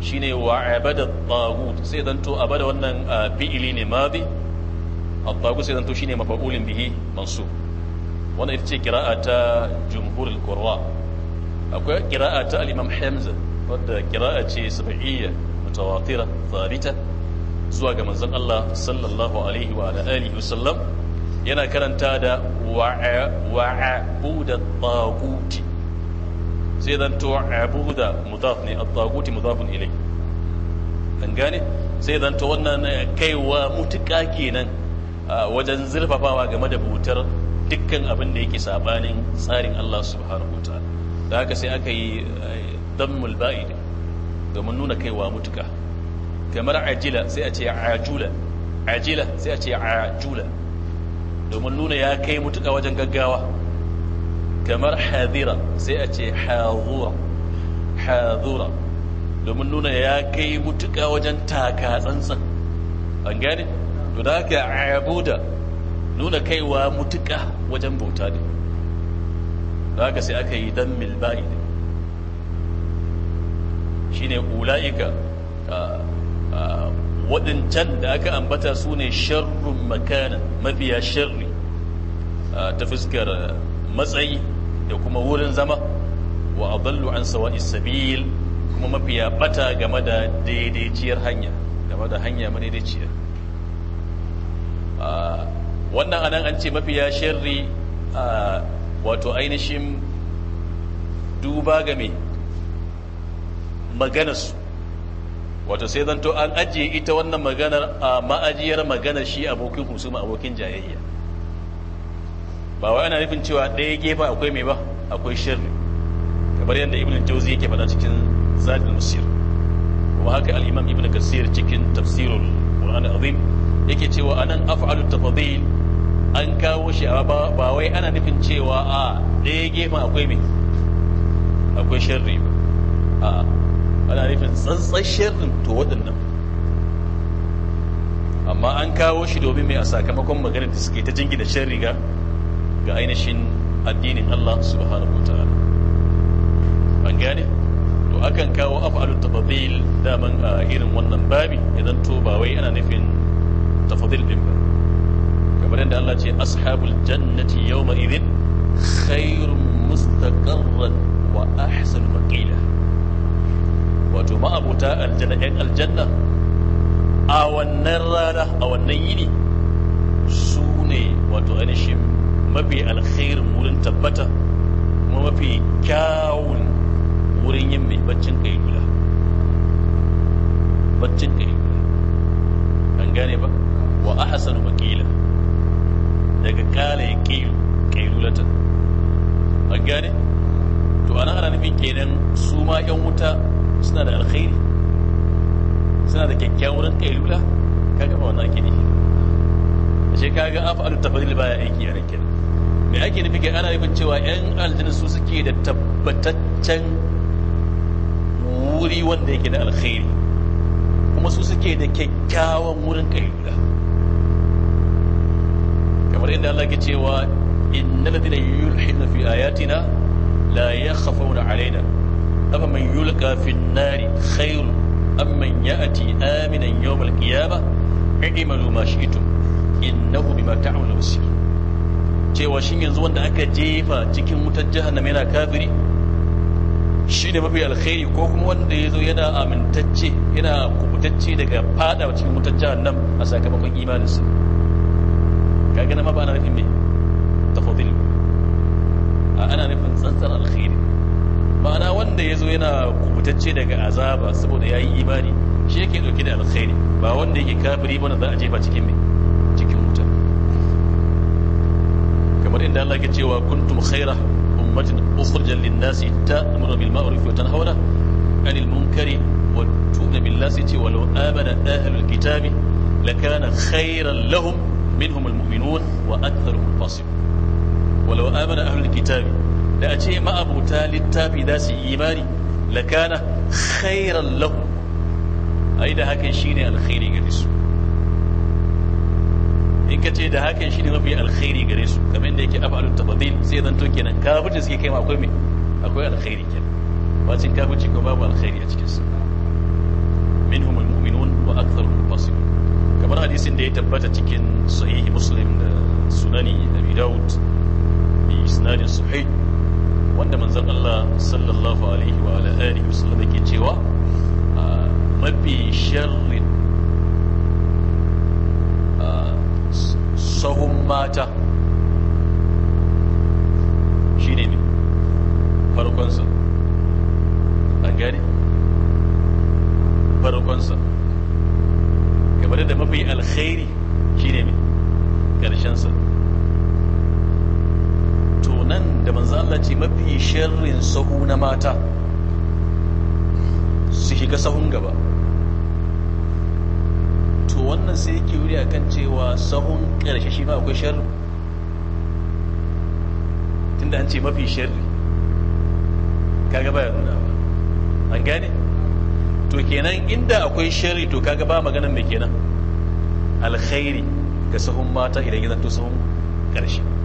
shine wa abada tagut sai dan to abada wannan fi'ili ne madi at-tagut sai dan to shine mafa'ulin bihi mansub wannan ita ce qira'a ta jumhur al-qurra akwai qira'a ta al-imam hamza wadda qira'a ce sab'iyya mutawatira thabita zuwa ga manzon Allah sallallahu alaihi wa alihi wasallam yana karanta da wa'abuda taguti sai zan to abuda mudaf ne taguti mudafun ilai an gane sai zan to wannan eh, kaiwa mutuka kenan wajen zurfafawa game da butar dukkan abin da yake sabanin tsarin Allah subhanahu wataala da haka sai aka yi eh, dammul ba'id domin nuna kaiwa mutuka kamar ajila sai a ce ajula ajila sai a ce ajula domin nuna ya kai mutuka wajen gaggawa kamar hadira sai a ce hazura hazura domin nuna ya kai mutuka wajen taka tsantsan an gani to da haka abuda nuna kaiwa mutuka wajen bauta ne da haka sai aka yi dan milba'i ne shine ula'ika waɗancan da aka ambata su ne sharrun makana mafiya sharri ta fuskar matsayi da kuma wurin zama wa adallu an sawa'i sabil kuma mafiya bata game da daidaiciyar hanya game da hanya madaidaiciyar wannan anan an ce mafiya sharri wato ainihin duba game maganarsu Wata sai zanto an ajiye ita wannan maganar a ma'ajiyar maganar shi abokin husuma abokin jayayya ba wai ana nufin cewa ɗaya gefa akwai mai ba akwai shirri kamar yadda ibn jauzi yake faɗa cikin zadin musir kuma haka al ibn kasir cikin tafsirul qur'an azim yake cewa anan af'alu tafadhil an kawo shi ba wai ana nufin cewa a ɗaya gefen akwai mai akwai shirri a. على ريف الزنص الشر متود النم أما أن كاو شدو بمي أسا كما كم مغرب تسكي تجنجي دشر ريغا غاين شن الدين الله سبحانه وتعالى أنجاني تو أكن كاو أفعل التفضيل داما آه، إيرن ونن بابي إذن تو باوي أنا نفين تفضيل بمبا كبير عند الله جي أصحاب الجنة يومئذ خير مستقرا وأحسن مقيله wato ma'abuta aljanna yan aljanna a wannan rana a wannan yini su ne wato ainihin mafi alkhairin wurin tabbata kuma mafi kyawun wurin yin mai baccin kailula baccin kailula an gane ba wa ahsanu maqila daga kala ya kailulatan an gane to ana ana nufin kenan su ma yan wuta suna da alkhairi suna da kyakkyawan kailula kaga ba wannan ake nufi ashe kaga af'alu tafdil baya aiki a rankin me ake nufi kai ana nufin cewa yan aljanna su suke da tabbataccen wuri wanda yake da alkhairi kuma su suke da kyakkyawan wurin kailula kamar inda Allah ke cewa innal ladina yulhiduna fi ayatina la yakhafuna alaina afa man yulqa fi an-nari khairu am man ya'ti aminan yawm al-qiyamah i'malu ma shi'tum innahu bima ta'malun basir cewa shin yanzu wanda aka jefa cikin wutar jahannama yana kafiri shi ne mafi alkhairi ko kuma wanda ya zo yana amintacce yana kubutacce daga fada cikin wutar jahannam a sakamakon imaninsa kaga na ma ba na nufin mai wanda ya zo yana kubutacce daga azaba saboda ya yi imani shi yake ɗauke da alkhairi ba wanda yake kafiri bane za a jefa cikin mai cikin wuta kamar inda Allah ke cewa kuntum khaira ummatin ukhrijal lin-nasi ta'muru bil ma'ruf wa tanhauna 'anil munkari wa tu'minu billah sai ce walau amana ahlul kitabi lakana khairan lahum minhum al-mu'minun wa aktharuhum fasiqun walau amana ahlul kitabi da a ce ma'abuta littafi za su imani lakana khairan lahu ai da hakan shine alkhairi gare su in ka ce da hakan shine mafi alkhairi gare su kamar da yake afalu tabadil sai zan to kenan kafirci suke kai ma akwai me akwai alkhairi kenan bacin kafirci ko babu alkhairi a cikin su min minhum almu'minun wa aktharuhum fasiqun kamar hadisin da ya tabbata cikin sahihi muslim da sunani abi daud bi isnadin sahih wanda manzon Allah sallallahu alaihi wa ala alihi wasallam yake cewa ah, mafi sharrin ah, sahun mata shine ne farkonsa a gani farkonsa kamar da mafi alkhairi shine ne sa. da manzan Allah ce mafi sharrin sahu na mata su shiga sahun gaba to wannan sai yake wuri akan cewa sahun ƙarshe shi ma akwai tun tunda an ce mafi shirin kaga baya nuna ba an gane to kenan inda akwai sharri to kaga ba maganan mai kenan alkhairi ga sahun mata idan ya zanto sahun ƙarshe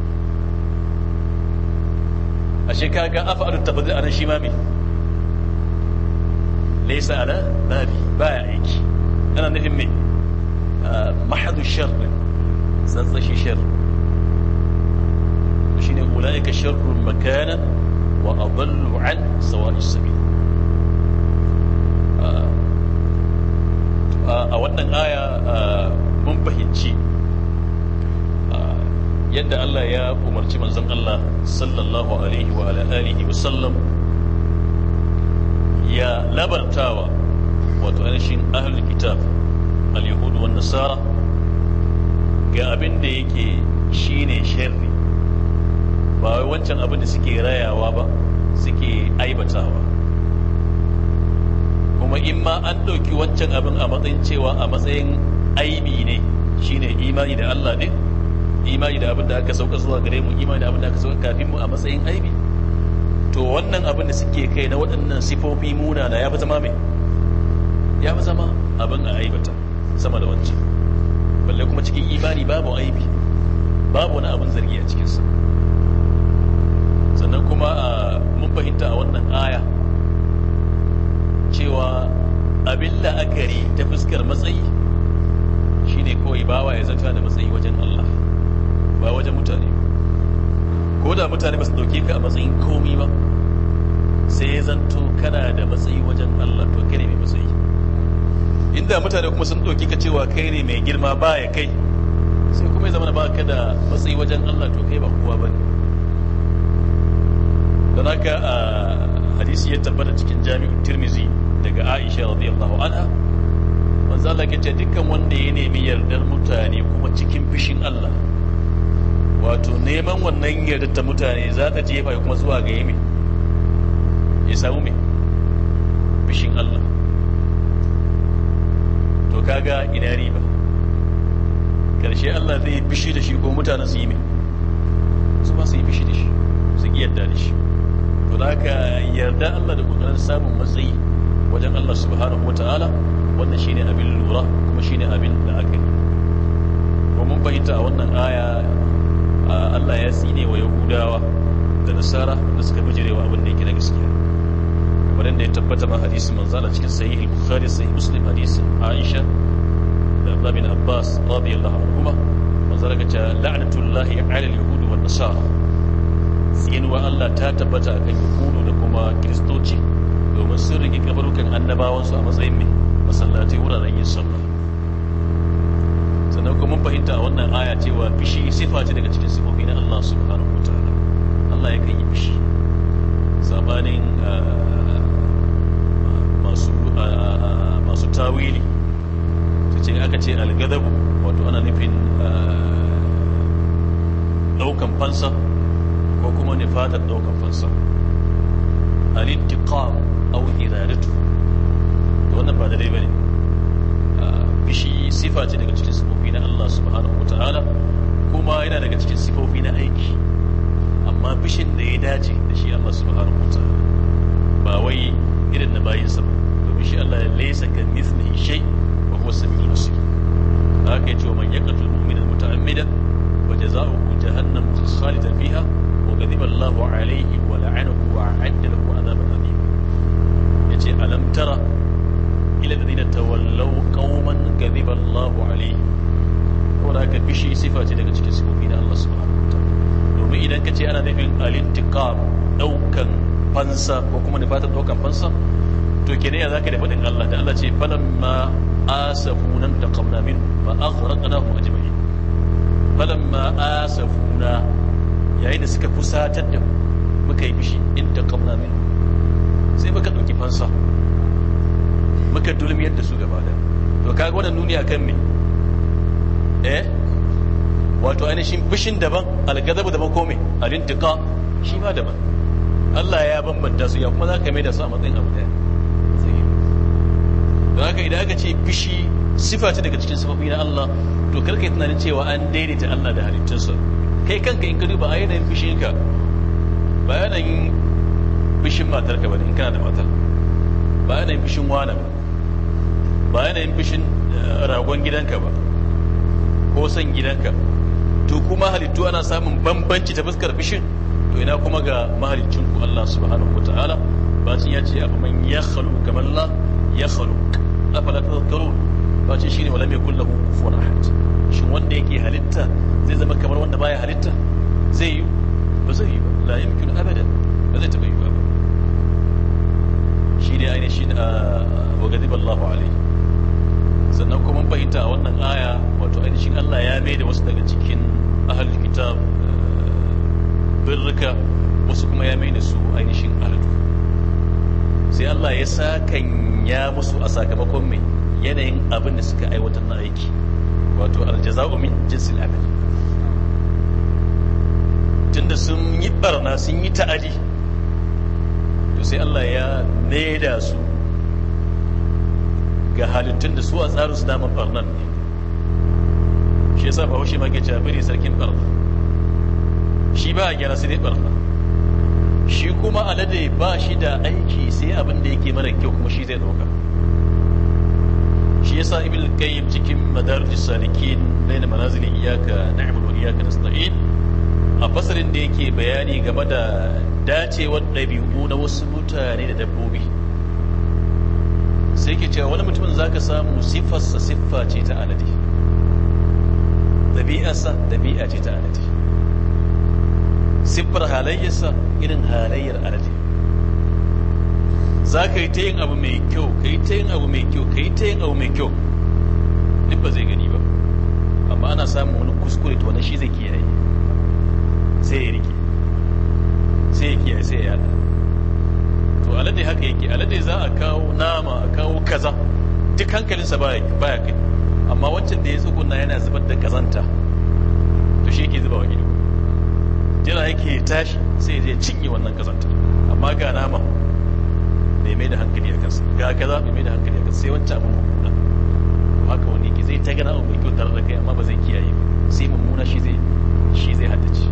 ashe ka ga af'alu tafdil anan shi ma me laysa ala babi baya aiki ana nufin me mahadu shar shi shar shine ulaika sharrun makana wa adallu an sawa'is sabil a wannan aya mun fahimci yadda Allah ya umarci manzon Allah sallallahu alaihi wa alihi wa sallam ya labartawa wato ainihin ahlul kitab al-yahudu nasara ga abin da yake shine sharri ba wai wancan abin da suke rayawa ba suke aibatawa kuma in ma an ɗauki wancan abin a matsayin cewa a matsayin aibi ne shine imani da Allah ne imani da abin da aka sauka zuwa gare mu imani da abin da aka sauka kafin mu a matsayin aibi to wannan abin da suke kai na waɗannan sifofi muna na ya fi zama mai ya fi zama abin a aibata sama da wancan balle kuma cikin imani babu aibi babu wani abin zargi a cikinsa sannan kuma a mun fahimta a wannan aya cewa abin la'akari ta fuskar matsayi shine kawai bawa ya zata da matsayi wajen Allah ba wajen mutane ko da mutane ba su dauke ka a matsayin komi ba sai ya zanto kana da matsayi wajen Allah to kai ne mai matsayi inda mutane kuma sun dauke ka cewa kai ne mai girma ba ya kai sai kuma ya zama ba ka da matsayi wajen Allah to kai ba kowa ba ne don haka a hadisi ya tabbata cikin jami'in tirmizi daga aisha radiyallahu anha manzo Allah ke ce dukkan wanda ya nemi yardar mutane kuma cikin fishin Allah wato neman wannan yardar ta mutane za ka jefa kuma zuwa ga yami ya samu mai Bishin Allah to kaga ina riba karshe Allah zai bishi da shi ko mutane su yi mai su ba su yi bishi da shi su ki yarda da shi to da haka yarda Allah da kokarin samun matsayi wajen Allah subhanahu wa ta'ala wannan shine abin lura kuma shine abin da aka mun fahimta a wannan aya Allah ya tsine wa yahudawa da nasara da suka bijirewa abin da yake na gaskiya kamar da ya tabbata ma hadisin manzala cikin sahih al-bukhari sahih muslim hadisi aisha da Abdullah bin Abbas radiyallahu anhu manzala ga ta la'natullahi 'ala al-yahudi wan nasara Sin wa Allah ta tabbata kan yahudu da kuma kiristoci domin sun rike kabarukan annabawan su a matsayin masallati wuraren yin sallah aya cewa fishi sifa ce daga cikin sifofi na Allah subhanahu wa ta'ala Allah yakan yi fishi sabanin ah, masu ah, masu tawili ce aka ce algadabu wato ana nufin daukan ah, fansa ko kuma nifatar daukan fansa al-ittiqam aw iradatu wannan ba da dai bane sifa ce daga cikin sifofi na Allah subhanahu wa ta'ala kuma yana daga cikin sifofi na aiki amma bishin da ya dace da shi Allah subhanahu wa ta'ala ba wai irin na bayinsa ba domin shi Allah ya laisa ka mithlihi shay wa huwa samiul basir haka yace wa man yaqtul mu'mina muta'ammidan wa jazaohu jahannam khalidan fiha wa ghadiba Allahu alayhi wa la'anahu wa a'adda lahu 'adaban 'azima yace alam tara ila alladhina tawallaw qauman كذب الله عليه وذاك بشي صفة daga cikin sifofi na Allah subhanahu wataala domin idan kace ana nufin al-intiqam daukan fansa ko kuma nufata daukan fansa to kene ya zaka da fadin Allah da Allah ce falamma asafuna taqamna min fa aghraqnahum ajma'in falamma asafuna yayin da suka fusatar da muka bishi in taqamna min sai fansa su gaba to kaga wannan nuni kan me eh wato ainihin bishin daban algazabu daban ko me alintiqa shi ba daban Allah ya bambanta su ya kuma za ka mai da su a matsayin abu sai don haka idan aka ce bishi sifa ce daga cikin sifofi na Allah to karka yi tunanin cewa an daidaita Allah da halittunsa kai kanka in ka duba a yanayin bishinka ba yanayin bishin matarka ba in kana da matar ba yanayin bishin wana ba ba yanayin fishin eh, ragon gidanka ba ko san gidanka to kuma halittu ana samun bambanci ta fuskar fishin to ina kuma ga mahalicin ku Allah subhanahu wataala bacin ya ce a man ya khalu kamar la ya khalu afala tadhakkarun bacin shine wala mai kullahu kufuwan ahad shin wanda yake halitta zai zama kamar wanda baya halitta zai yi ba zai yi ba la yumkin abadan ba zai taba yi ba shi ne ainihin ah, wa gadiba Allahu alaihi sannan kuma fahimta a wannan aya wato ainihin Allah ya mai da wasu daga cikin ahalul kitab eh, birrika wasu kuma ya mai da su ainihin ardu sai Allah ya sakan ya musu a sakamakon mai yanayin abin da suka aiwatar na aiki wato aljaza'u min jinsil amal tunda sun yi barna sun yi ta'adi to sai Allah ya maida su ga halittun da su a tsarin su damar barnan ne shi yasa ba haushe mage jabiri sarkin barna shi ba a gyara sai dai barna shi kuma alade ba shi da aiki sai abin da yake mara kyau kuma shi zai dauka shi yasa ibil kai cikin yana manazili iyaka na iyyaka wani wa na sta'in a fasarin da yake bayani game da dacewar ɗabi'u na wasu mutane da dabbobi sai ke cewa wani mutumin zaka samu siffarsa siffa ce ta alade ɗabi'arsa ɗabi'a ce ta alade siffar halayyarsa irin halayyar alade za ka yi ta yin abu mai kyau ka yi ta yin abu mai kyau ka yi ta yin abu mai kyau duk ba zai gani ba amma ana samun wani kuskure to wani shi zai kiyaye sai ya rike sai ya kiyaye sai ya alade haka yake alade za a kawo nama a kawo kaza duk hankalinsa baya kai amma wancan da ya tsuguna yana zubar da kazanta to shi yake zuba wa ido jira yake tashi sai ya cinye wannan kazanta amma ga nama bai mai da hankali a kansa ga kaza bai mai da hankali a kansa sai wancan abin mummuna haka wani yake zai ta gana abu mai kyau tare da kai amma ba zai kiyaye ba sai mummuna shi zai shi zai haddace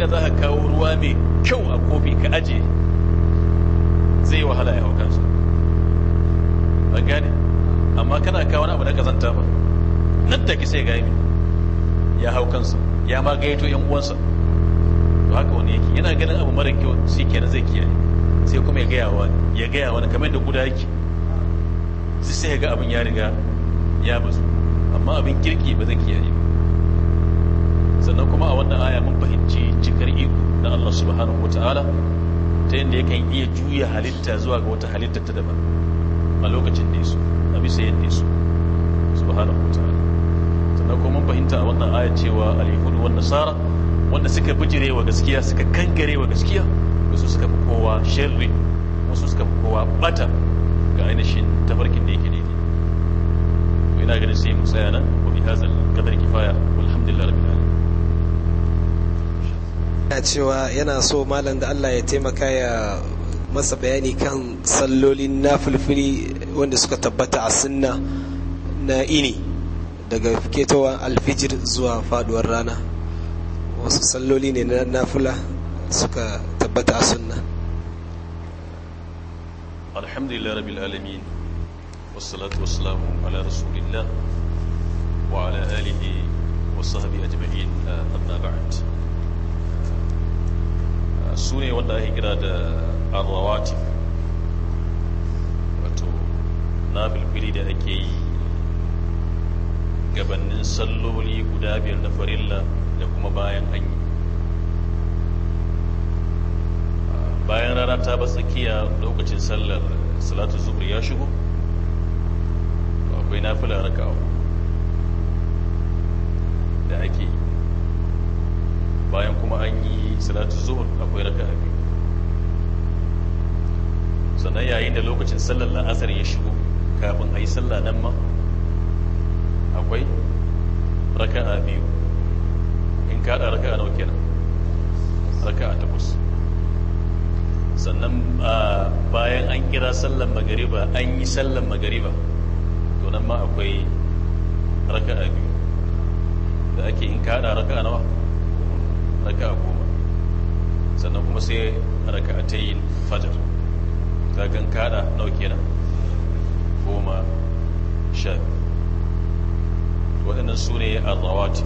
inda za ka kawo ruwa mai kyau a kofi ka aje zai wahala ya hau kansa an gane amma kana kawo wani abu na kazanta ba nan take sai yi ya hau kansa ya ma gaito yan uwansa to haka wani yake yana ganin abu mara kyau shi kenan zai kiyaye sai kuma ya gaya wa ya gaya wani kamar da guda yake sai sai ga abin ya riga ya basu amma abin kirki ba zai kiyaye ba sannan kuma a wannan aya mun fahimci Allah subhanahu wataala ta yadda kan iya juya halitta zuwa ga wata halitta ta daban a lokacin da su a bisa yadda su subhanahu wataala sannan kuma mun fahimta a wannan aya cewa al-yahudu wan nasara wanda suka bijire wa gaskiya suka kangare wa gaskiya wasu suka fi kowa sharri wasu suka fi kowa bata ga ainihin tafarkin da yake daidai ina ganin sai mu tsaya nan wa bi hadha kifaya walhamdulillahi rabbil yana cewa yana so malam da Allah ya taimaka ya masa bayani kan sallolin na wanda suka tabbata a sunna na ini daga fitowar alfijir zuwa faduwar rana wasu salloli ne na nafula suka tabbata a sunna alhamdulillah rabbil alamin wassalatu wassalamu ala rasulillah wa ala alihi wa sahbihi ajma'in amma ba'd su ne wanda ake kira da arrawati wato na bilbili da ake yi gabanin salloli guda biyar da farilla da kuma bayan hanyar bayan rana ta ba tsakiya lokacin sallar salatu zubri ya shigo akwai na fila raka'a da ake yi bayan kuma an yi salatu zuhur akwai raka a biyu sannan yayin da lokacin sallar la'asar ya shigo kafin a yi sallah nan ma akwai raka a biyu in kaɗa raka a nau kenan raka a takwas sannan bayan an kira sallar magariba an yi sallar magariba to nan ma akwai raka a biyu da ake in kaɗa raka a nawa raka goma sannan kuma sai raka a tayin fajar kagan kada nau kenan goma sha waɗannan su ne a rawati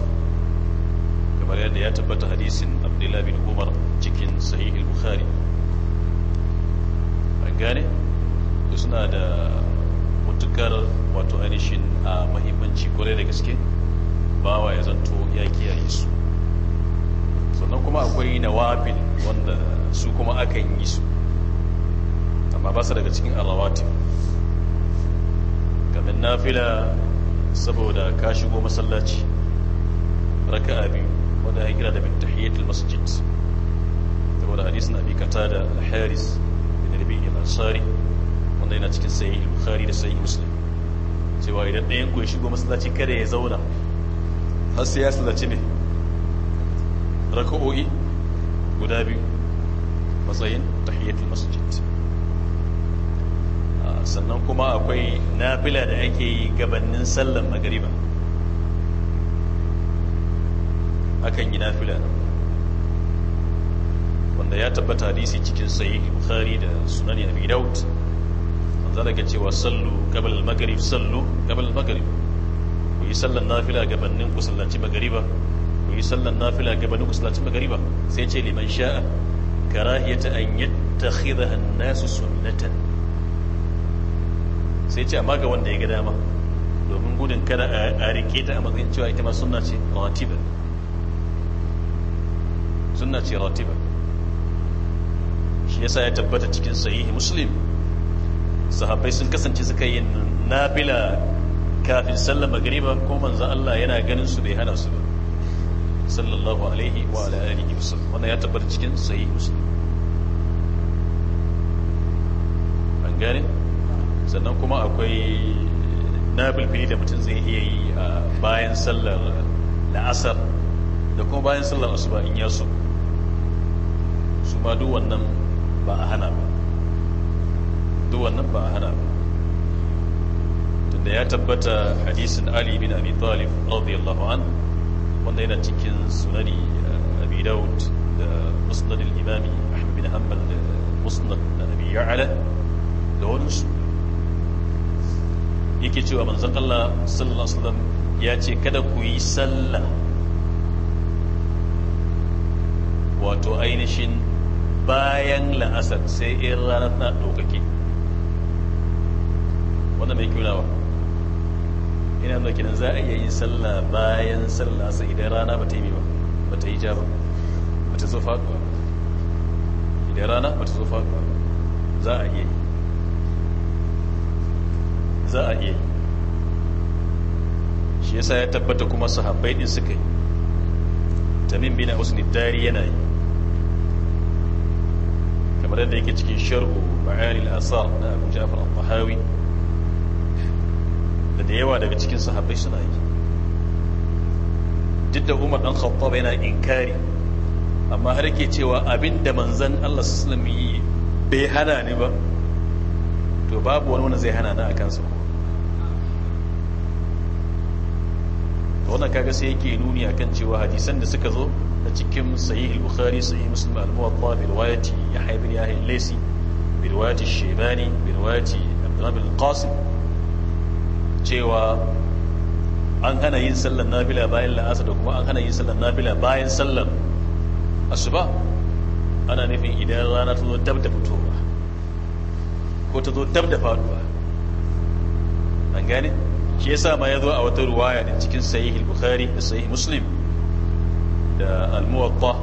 kamar yadda ya tabbata hadisin abdullahi bin umar cikin sahih al-bukhari A gane suna da mutukar wato ainihin a ah, mahimmanci kwarai da gaske bawa ya zanto ya kiyaye su sannan kuma akwai nawafil wanda su kuma akan yi su amma ba su daga cikin alawatin kamin nafila saboda ka shigo masallaci raka'a biyu wanda ya kira da bin tahiyatul masjid saboda hadis na bikata da haris da rabi al-ansari wanda yana cikin sahih bukhari da sahih muslim cewa idan ɗayan ku ya shigo masallaci kada ya zauna har sai ya sallaci ne raka'o'i guda biyu matsayin tahiyyatul masjid ah, sannan kuma akwai nafila da ake yi gabanin sallan magariba akan yi nafila wanda ya tabbata hadisi cikin sahih bukhari da sunani abi daud manzo daga cewa sallu gabal al sallu gabal al ku yi sallan nafila gabanin ku sallaci magariba ku yi sallan nafila gabanin ku salatin magariba sai ce liman sha'a karahiyata an yattakhidha an-nasu sunnatan sai ce amma ga wanda ya ga dama domin gudun kada a rike ta a matsayin cewa ita ma sunna ce ratiba sunna ce ratiba shi yasa ya tabbata cikin sahihi muslim sahabbai sun kasance suka yi nafila kafin sallar magriba ko manzo Allah yana ganin su bai hana su ba sallallahu alaihi wa alihi wasallam wannan ya tabbata cikin sahih muslim an gane sannan kuma akwai na bilbili da mutum zai iya yi a bayan sallar la'asar da kuma bayan sallar asuba in yaso su ma duk wannan ba a hana ba duk wannan ba a hana ba tunda ya tabbata hadisin ali bin abi talib radiyallahu an wanda yana cikin sunan abi daud da musnad al-imami ahmad bin hanbal da musnad da yake cewa manzon Allah sallallahu alaihi wasallam ya ce kada ku yi sallah wato ainihin bayan la'asar sai in rana ta ɗaukake wanda mai kyunawa ina nuna kenan za a iya yin sallah bayan sallah sai idan rana ba ta yi ba ba ta yi ja ba ba ta zo faɗuwa idan rana ba ta zo faɗuwa za a iya za a iya shi yasa ya tabbata kuma sahabbai din suka yi tamim bin usni dari yana yi kamar yadda yake cikin sharhu ma'ani al-asar na abu ja'far al-tahawi da da yawa daga cikin sahabbai suna yi duk da umar dan khattab yana inkari amma har ke cewa abinda manzan Allah sallallahu alaihi bai hana ni ba to babu wani wanda zai hana ni akan su to wannan kaga sai yake nuni akan cewa hadisan da suka zo a cikin sahih al-bukhari sahih muslim al-muwatta bi riwayati yahya ibn yahya al-laysi bi riwayati shaybani bi riwayati abdullah bin qasim cewa an hana yin sallar nafila bayan la'asa da kuma an hana yin sallar nafila bayan sallar asuba ana nufin idan rana ta zo dab da fitowa ko ta zo dab da faduwa an gane shi yasa ma ya zo a wata ruwaya da cikin sahih bukhari da sahih muslim da al-muwatta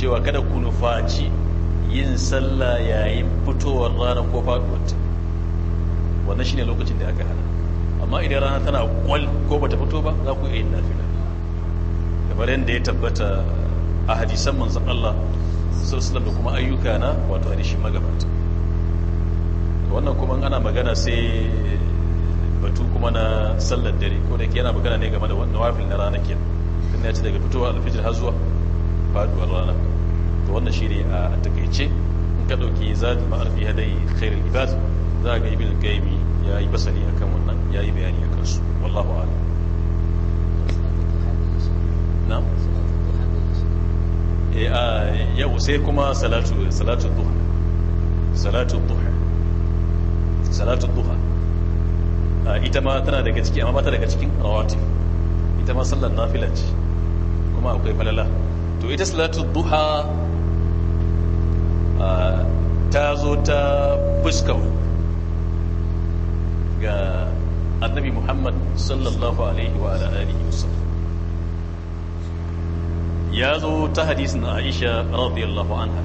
cewa kada ku nufaci yin sallah yayin fitowar rana ko faduwar ta wannan shine lokacin da aka hana amma idan rana tana kwal ko bata fito ba za ku iya nafila kamar yadda ya tabbata a hadisan manzon Allah sallallahu da kuma ayyuka na wato hadishi magabata wannan kuma ana magana sai batu kuma na sallar dare ko da ke yana magana ne game da wannan wafil na rana ke tun ya ce daga fitowa alfijir har zuwa faduwar rana to wannan shi ne a takaice in ka dauki zaɗi ma'arfi hadai khairul ibad za a ga ibn qayyim ya yi basali ya yi bayani a kansu wallahu ala na? Eh, ah, yau sai kuma salatu duha salatu duha salatu duha ah, ita ma tana daga ciki amma ba ta daga cikin rawati ita ma sallar nafila ce kuma akwai falala to ita salatu duha ah, ta zo ta fuskawa ga annabi muhammad sallallahu alaihi wa alihi wasallam ya zo ta na aisha radiyallahu anha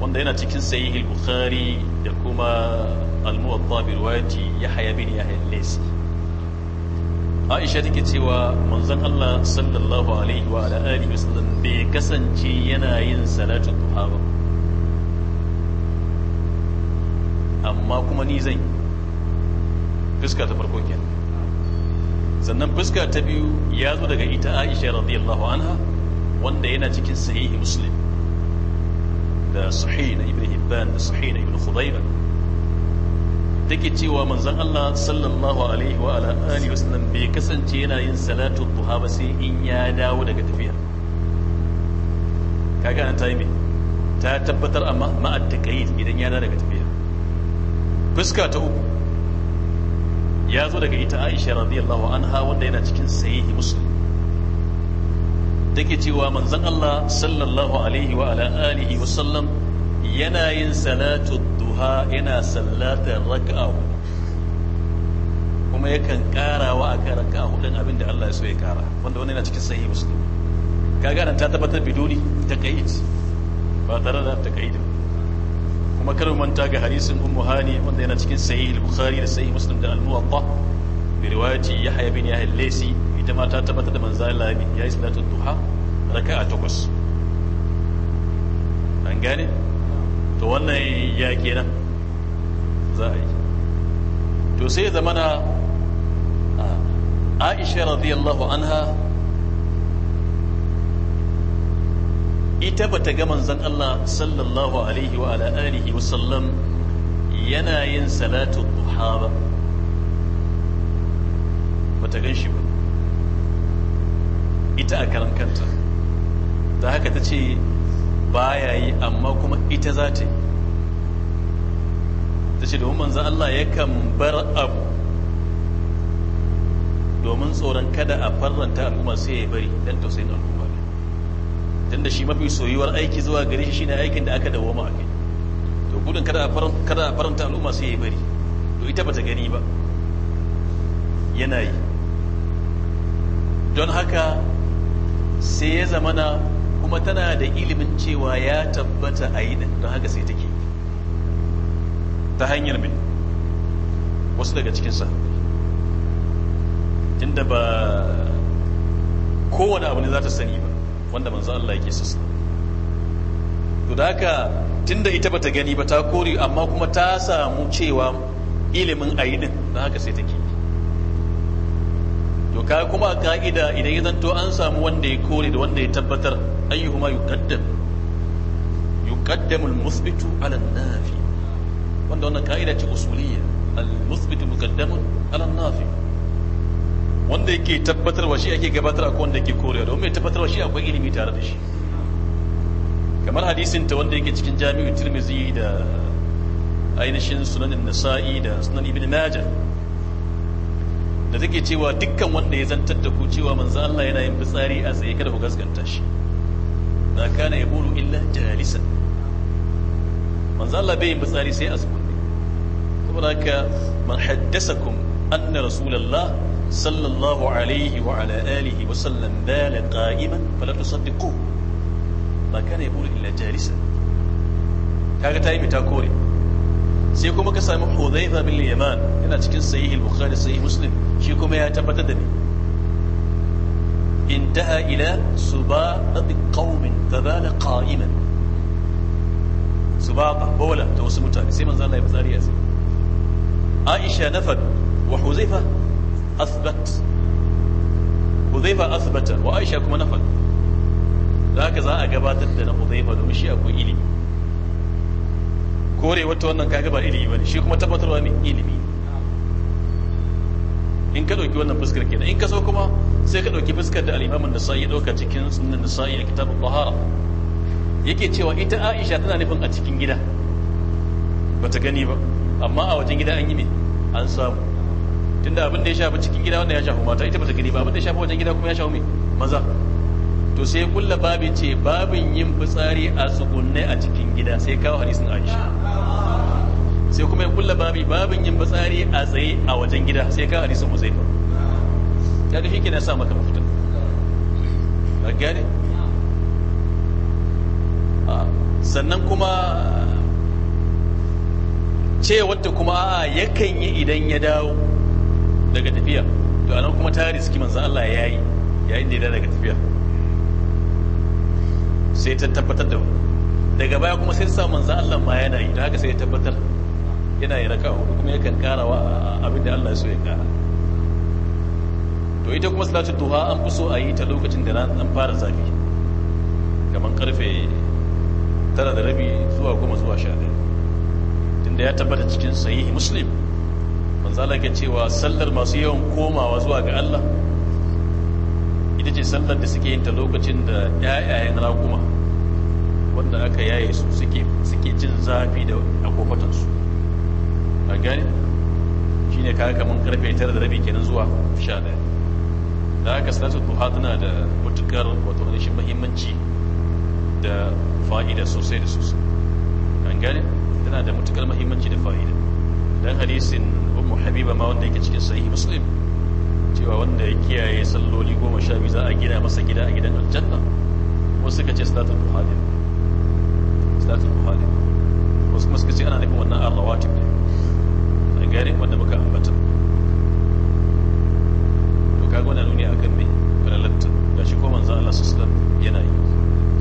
wanda yana cikin sahih al-bukhari da kuma al-muwatta bi riwayati yahya bin yahya al-laysi aisha take cewa manzon Allah sallallahu alaihi wa alihi wasallam bai kasance yana yin salatu duha ba amma kuma ni zan yi fuska ta farko kenan sannan fuska ta biyu ya zo daga ita Aisha radiyallahu anha wanda yana cikin sahihi Muslim da sahihi na Ibn Hibban da sahihi na Ibn Khudaimah take cewa manzon Allah sallallahu alaihi wa ala alihi wasallam bai kasance yana yin salatu duha ba sai in ya dawo daga tafiya kaga an tayi ta tabbatar amma ma'at taqayid idan ya dawo daga tafiya fuska ta uku ya zo daga ita aisha radiyallahu anha wanda yana cikin sahihi muslim take cewa manzon Allah sallallahu alaihi wa ala alihi wa sallam yana yin salatu duha yana sallatar raka'a kuma yakan kara wa a kan raka'a hudun abin da Allah ya so ya kara wanda wani yana cikin sahihi muslim kaga nan ta tabbatar biduni taqayid ba tare da ta taqayid ba kuma kar manta ga hadisin ummu hani wanda yana cikin sahih al-bukhari da sahih muslim da al-muwatta bi riwayati yahya bin yahya al-laysi ita ma ta da manzo Allah duha raka'a takwas an gane to wannan ya kenan za a yi to sai zamana ah, Aisha radiyallahu anha ita ba ta ga manzon Allah sallallahu alaihi wa ala alihi wa sallam yana yin salatu duha ba ta gan shi ba ita a karan kanta da haka ta ce baya yi amma kuma ita za ta yi ta ce domin manzan Allah yakan bar abu domin tsoron kada a farranta al'umma sai ya bari don tausayin al'umma tunda shi mafi soyuwar aiki zuwa gare shi shine aikin da aka dawo ma kai to gudun kada a faranta al'umma sai ya bari to ita bata gani ba yana yi don haka sai ya zamana kuma tana da ilimin cewa ya tabbata a yi don haka sai take ta hanyar mai wasu daga cikinsa tunda ba kowane abu ne za ta sani ba wanda manzo Allah yake sassa to da haka tunda ita bata gani ba ta kori amma kuma ta samu cewa ilimin ayi din don haka sai take to ka kuma ka'ida idan ya zanto an samu wanda ya kore da wanda ya tabbatar ayyuhuma yuqaddam yuqaddamu al-muthbitu ala an-nafi wanda wannan ka'ida ce usuliyya al musbitu muqaddamun ala an-nafi wanda yake wa shi ake gabatar a wanda yake korewa domin tabbatar wa shi akwai ilimi tare da shi kamar hadisin ta wanda yake cikin jami'u tirmizi da ainihin sunanin nasa'i da sunan ibn majah da take cewa dukkan wanda ya zantar da ku cewa manzo Allah yana yin fitsari a tsaye kada ku gaskanta shi da kana yaqulu illa jalisan manzo Allah bai yin fitsari sai a tsaye saboda haka man haddasakum anna rasulullah صلى الله عليه وعلى آله وسلم ذال قائما فلا تصدقوه ما كان يقول إلا جالسا كاغا تايمي تاكوري سيكو مكسا حذيفة من اليمان أنا تكن سيه البخاري سيه مسلم شيكو ما يتبتدني انتهى إلى سباطة قوم فبال قائما سباطة بولا توسمتها سيما زالة يبزاري عائشة نفد وحذيفة asbat huzaifa asbata wa aisha kuma nafal da haka za a gabatar da na huzaifa domin shi akwai ilimi kore wata wannan kaga ba ilimi bane shi kuma tabbatarwa ne ilimi in ka dauki wannan fuskar kenan in ka so kuma sai ka dauki fuskar da al-Imam an cikin sunan Nasa'i a kitabul Tahara yake cewa ita Aisha tana nufin a cikin gida gani ba amma a wajen gida an yi me an samu tunda abin da ya shafi cikin gida wanda ya shafi mata ita bata gani ba abin da ya shafi wajen gida kuma ya shafi maza to sai kulla babi ce babin yin fitsari a tsugunne a cikin gida sai kawo hadisin Aisha sai kuma ya kulla babi babin yin fitsari a tsaye a wajen gida sai kawo hadisin Uzaifa ya ga shi sa maka mafita ba gane sannan kuma ce wata kuma a yakan yi idan ya dawo daga tafiya to anan kuma ta riski manzan Allah ya yi yayin da ya daga tafiya sai ta tabbatar da daga baya kuma sai sa manzan Allah ma yana yi da haka sai ya tabbatar yana yi raka hudu kuma yakan karawa abin da Allah ya so ya kara to ita kuma salatu duha an fi so a yi ta lokacin da an fara zafi kamar karfe tara da rabi zuwa goma zuwa sha ɗaya tunda ya tabbata cikin sahihi muslim manzala ke cewa sallar masu yawan komawa zuwa ga Allah ita ce sallar da suke yin ta lokacin da ƴaƴayen raƙuma wanda aka yaye su suke suke jin zafi da akofatansu a gani shine kaga kaman karfe 9 da rabi kenan zuwa 11 da sanar salatul duha tana da mutukar wato shi muhimmanci da fa'ida sosai da sosai an gani tana da mutukar muhimmanci da fa'ida dan hadisin habiba ma wanda yake cikin sahih muslim cewa wanda ya kiyaye salloli goma sha biyu za a gina masa gida a gidan aljanna wasu suka ce salatul buhari salatul buhari wasu kuma suka ce ana nufin wannan arrawatib ne a gare wanda muka ambata to kaga wannan nuni akan me kalalatta gashi ko manzo Allah sallallahu alaihi yana yi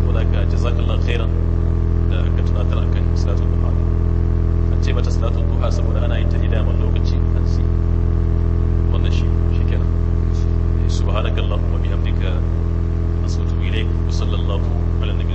saboda ka jazakallahu khairan da ka tunatar a akan salatul buhari an ce mata salatul duha saboda ana yin ta ne da mallo wannan shi shi kenan subhanakallahumma bihamdika asutu ilaik wa sallallahu ala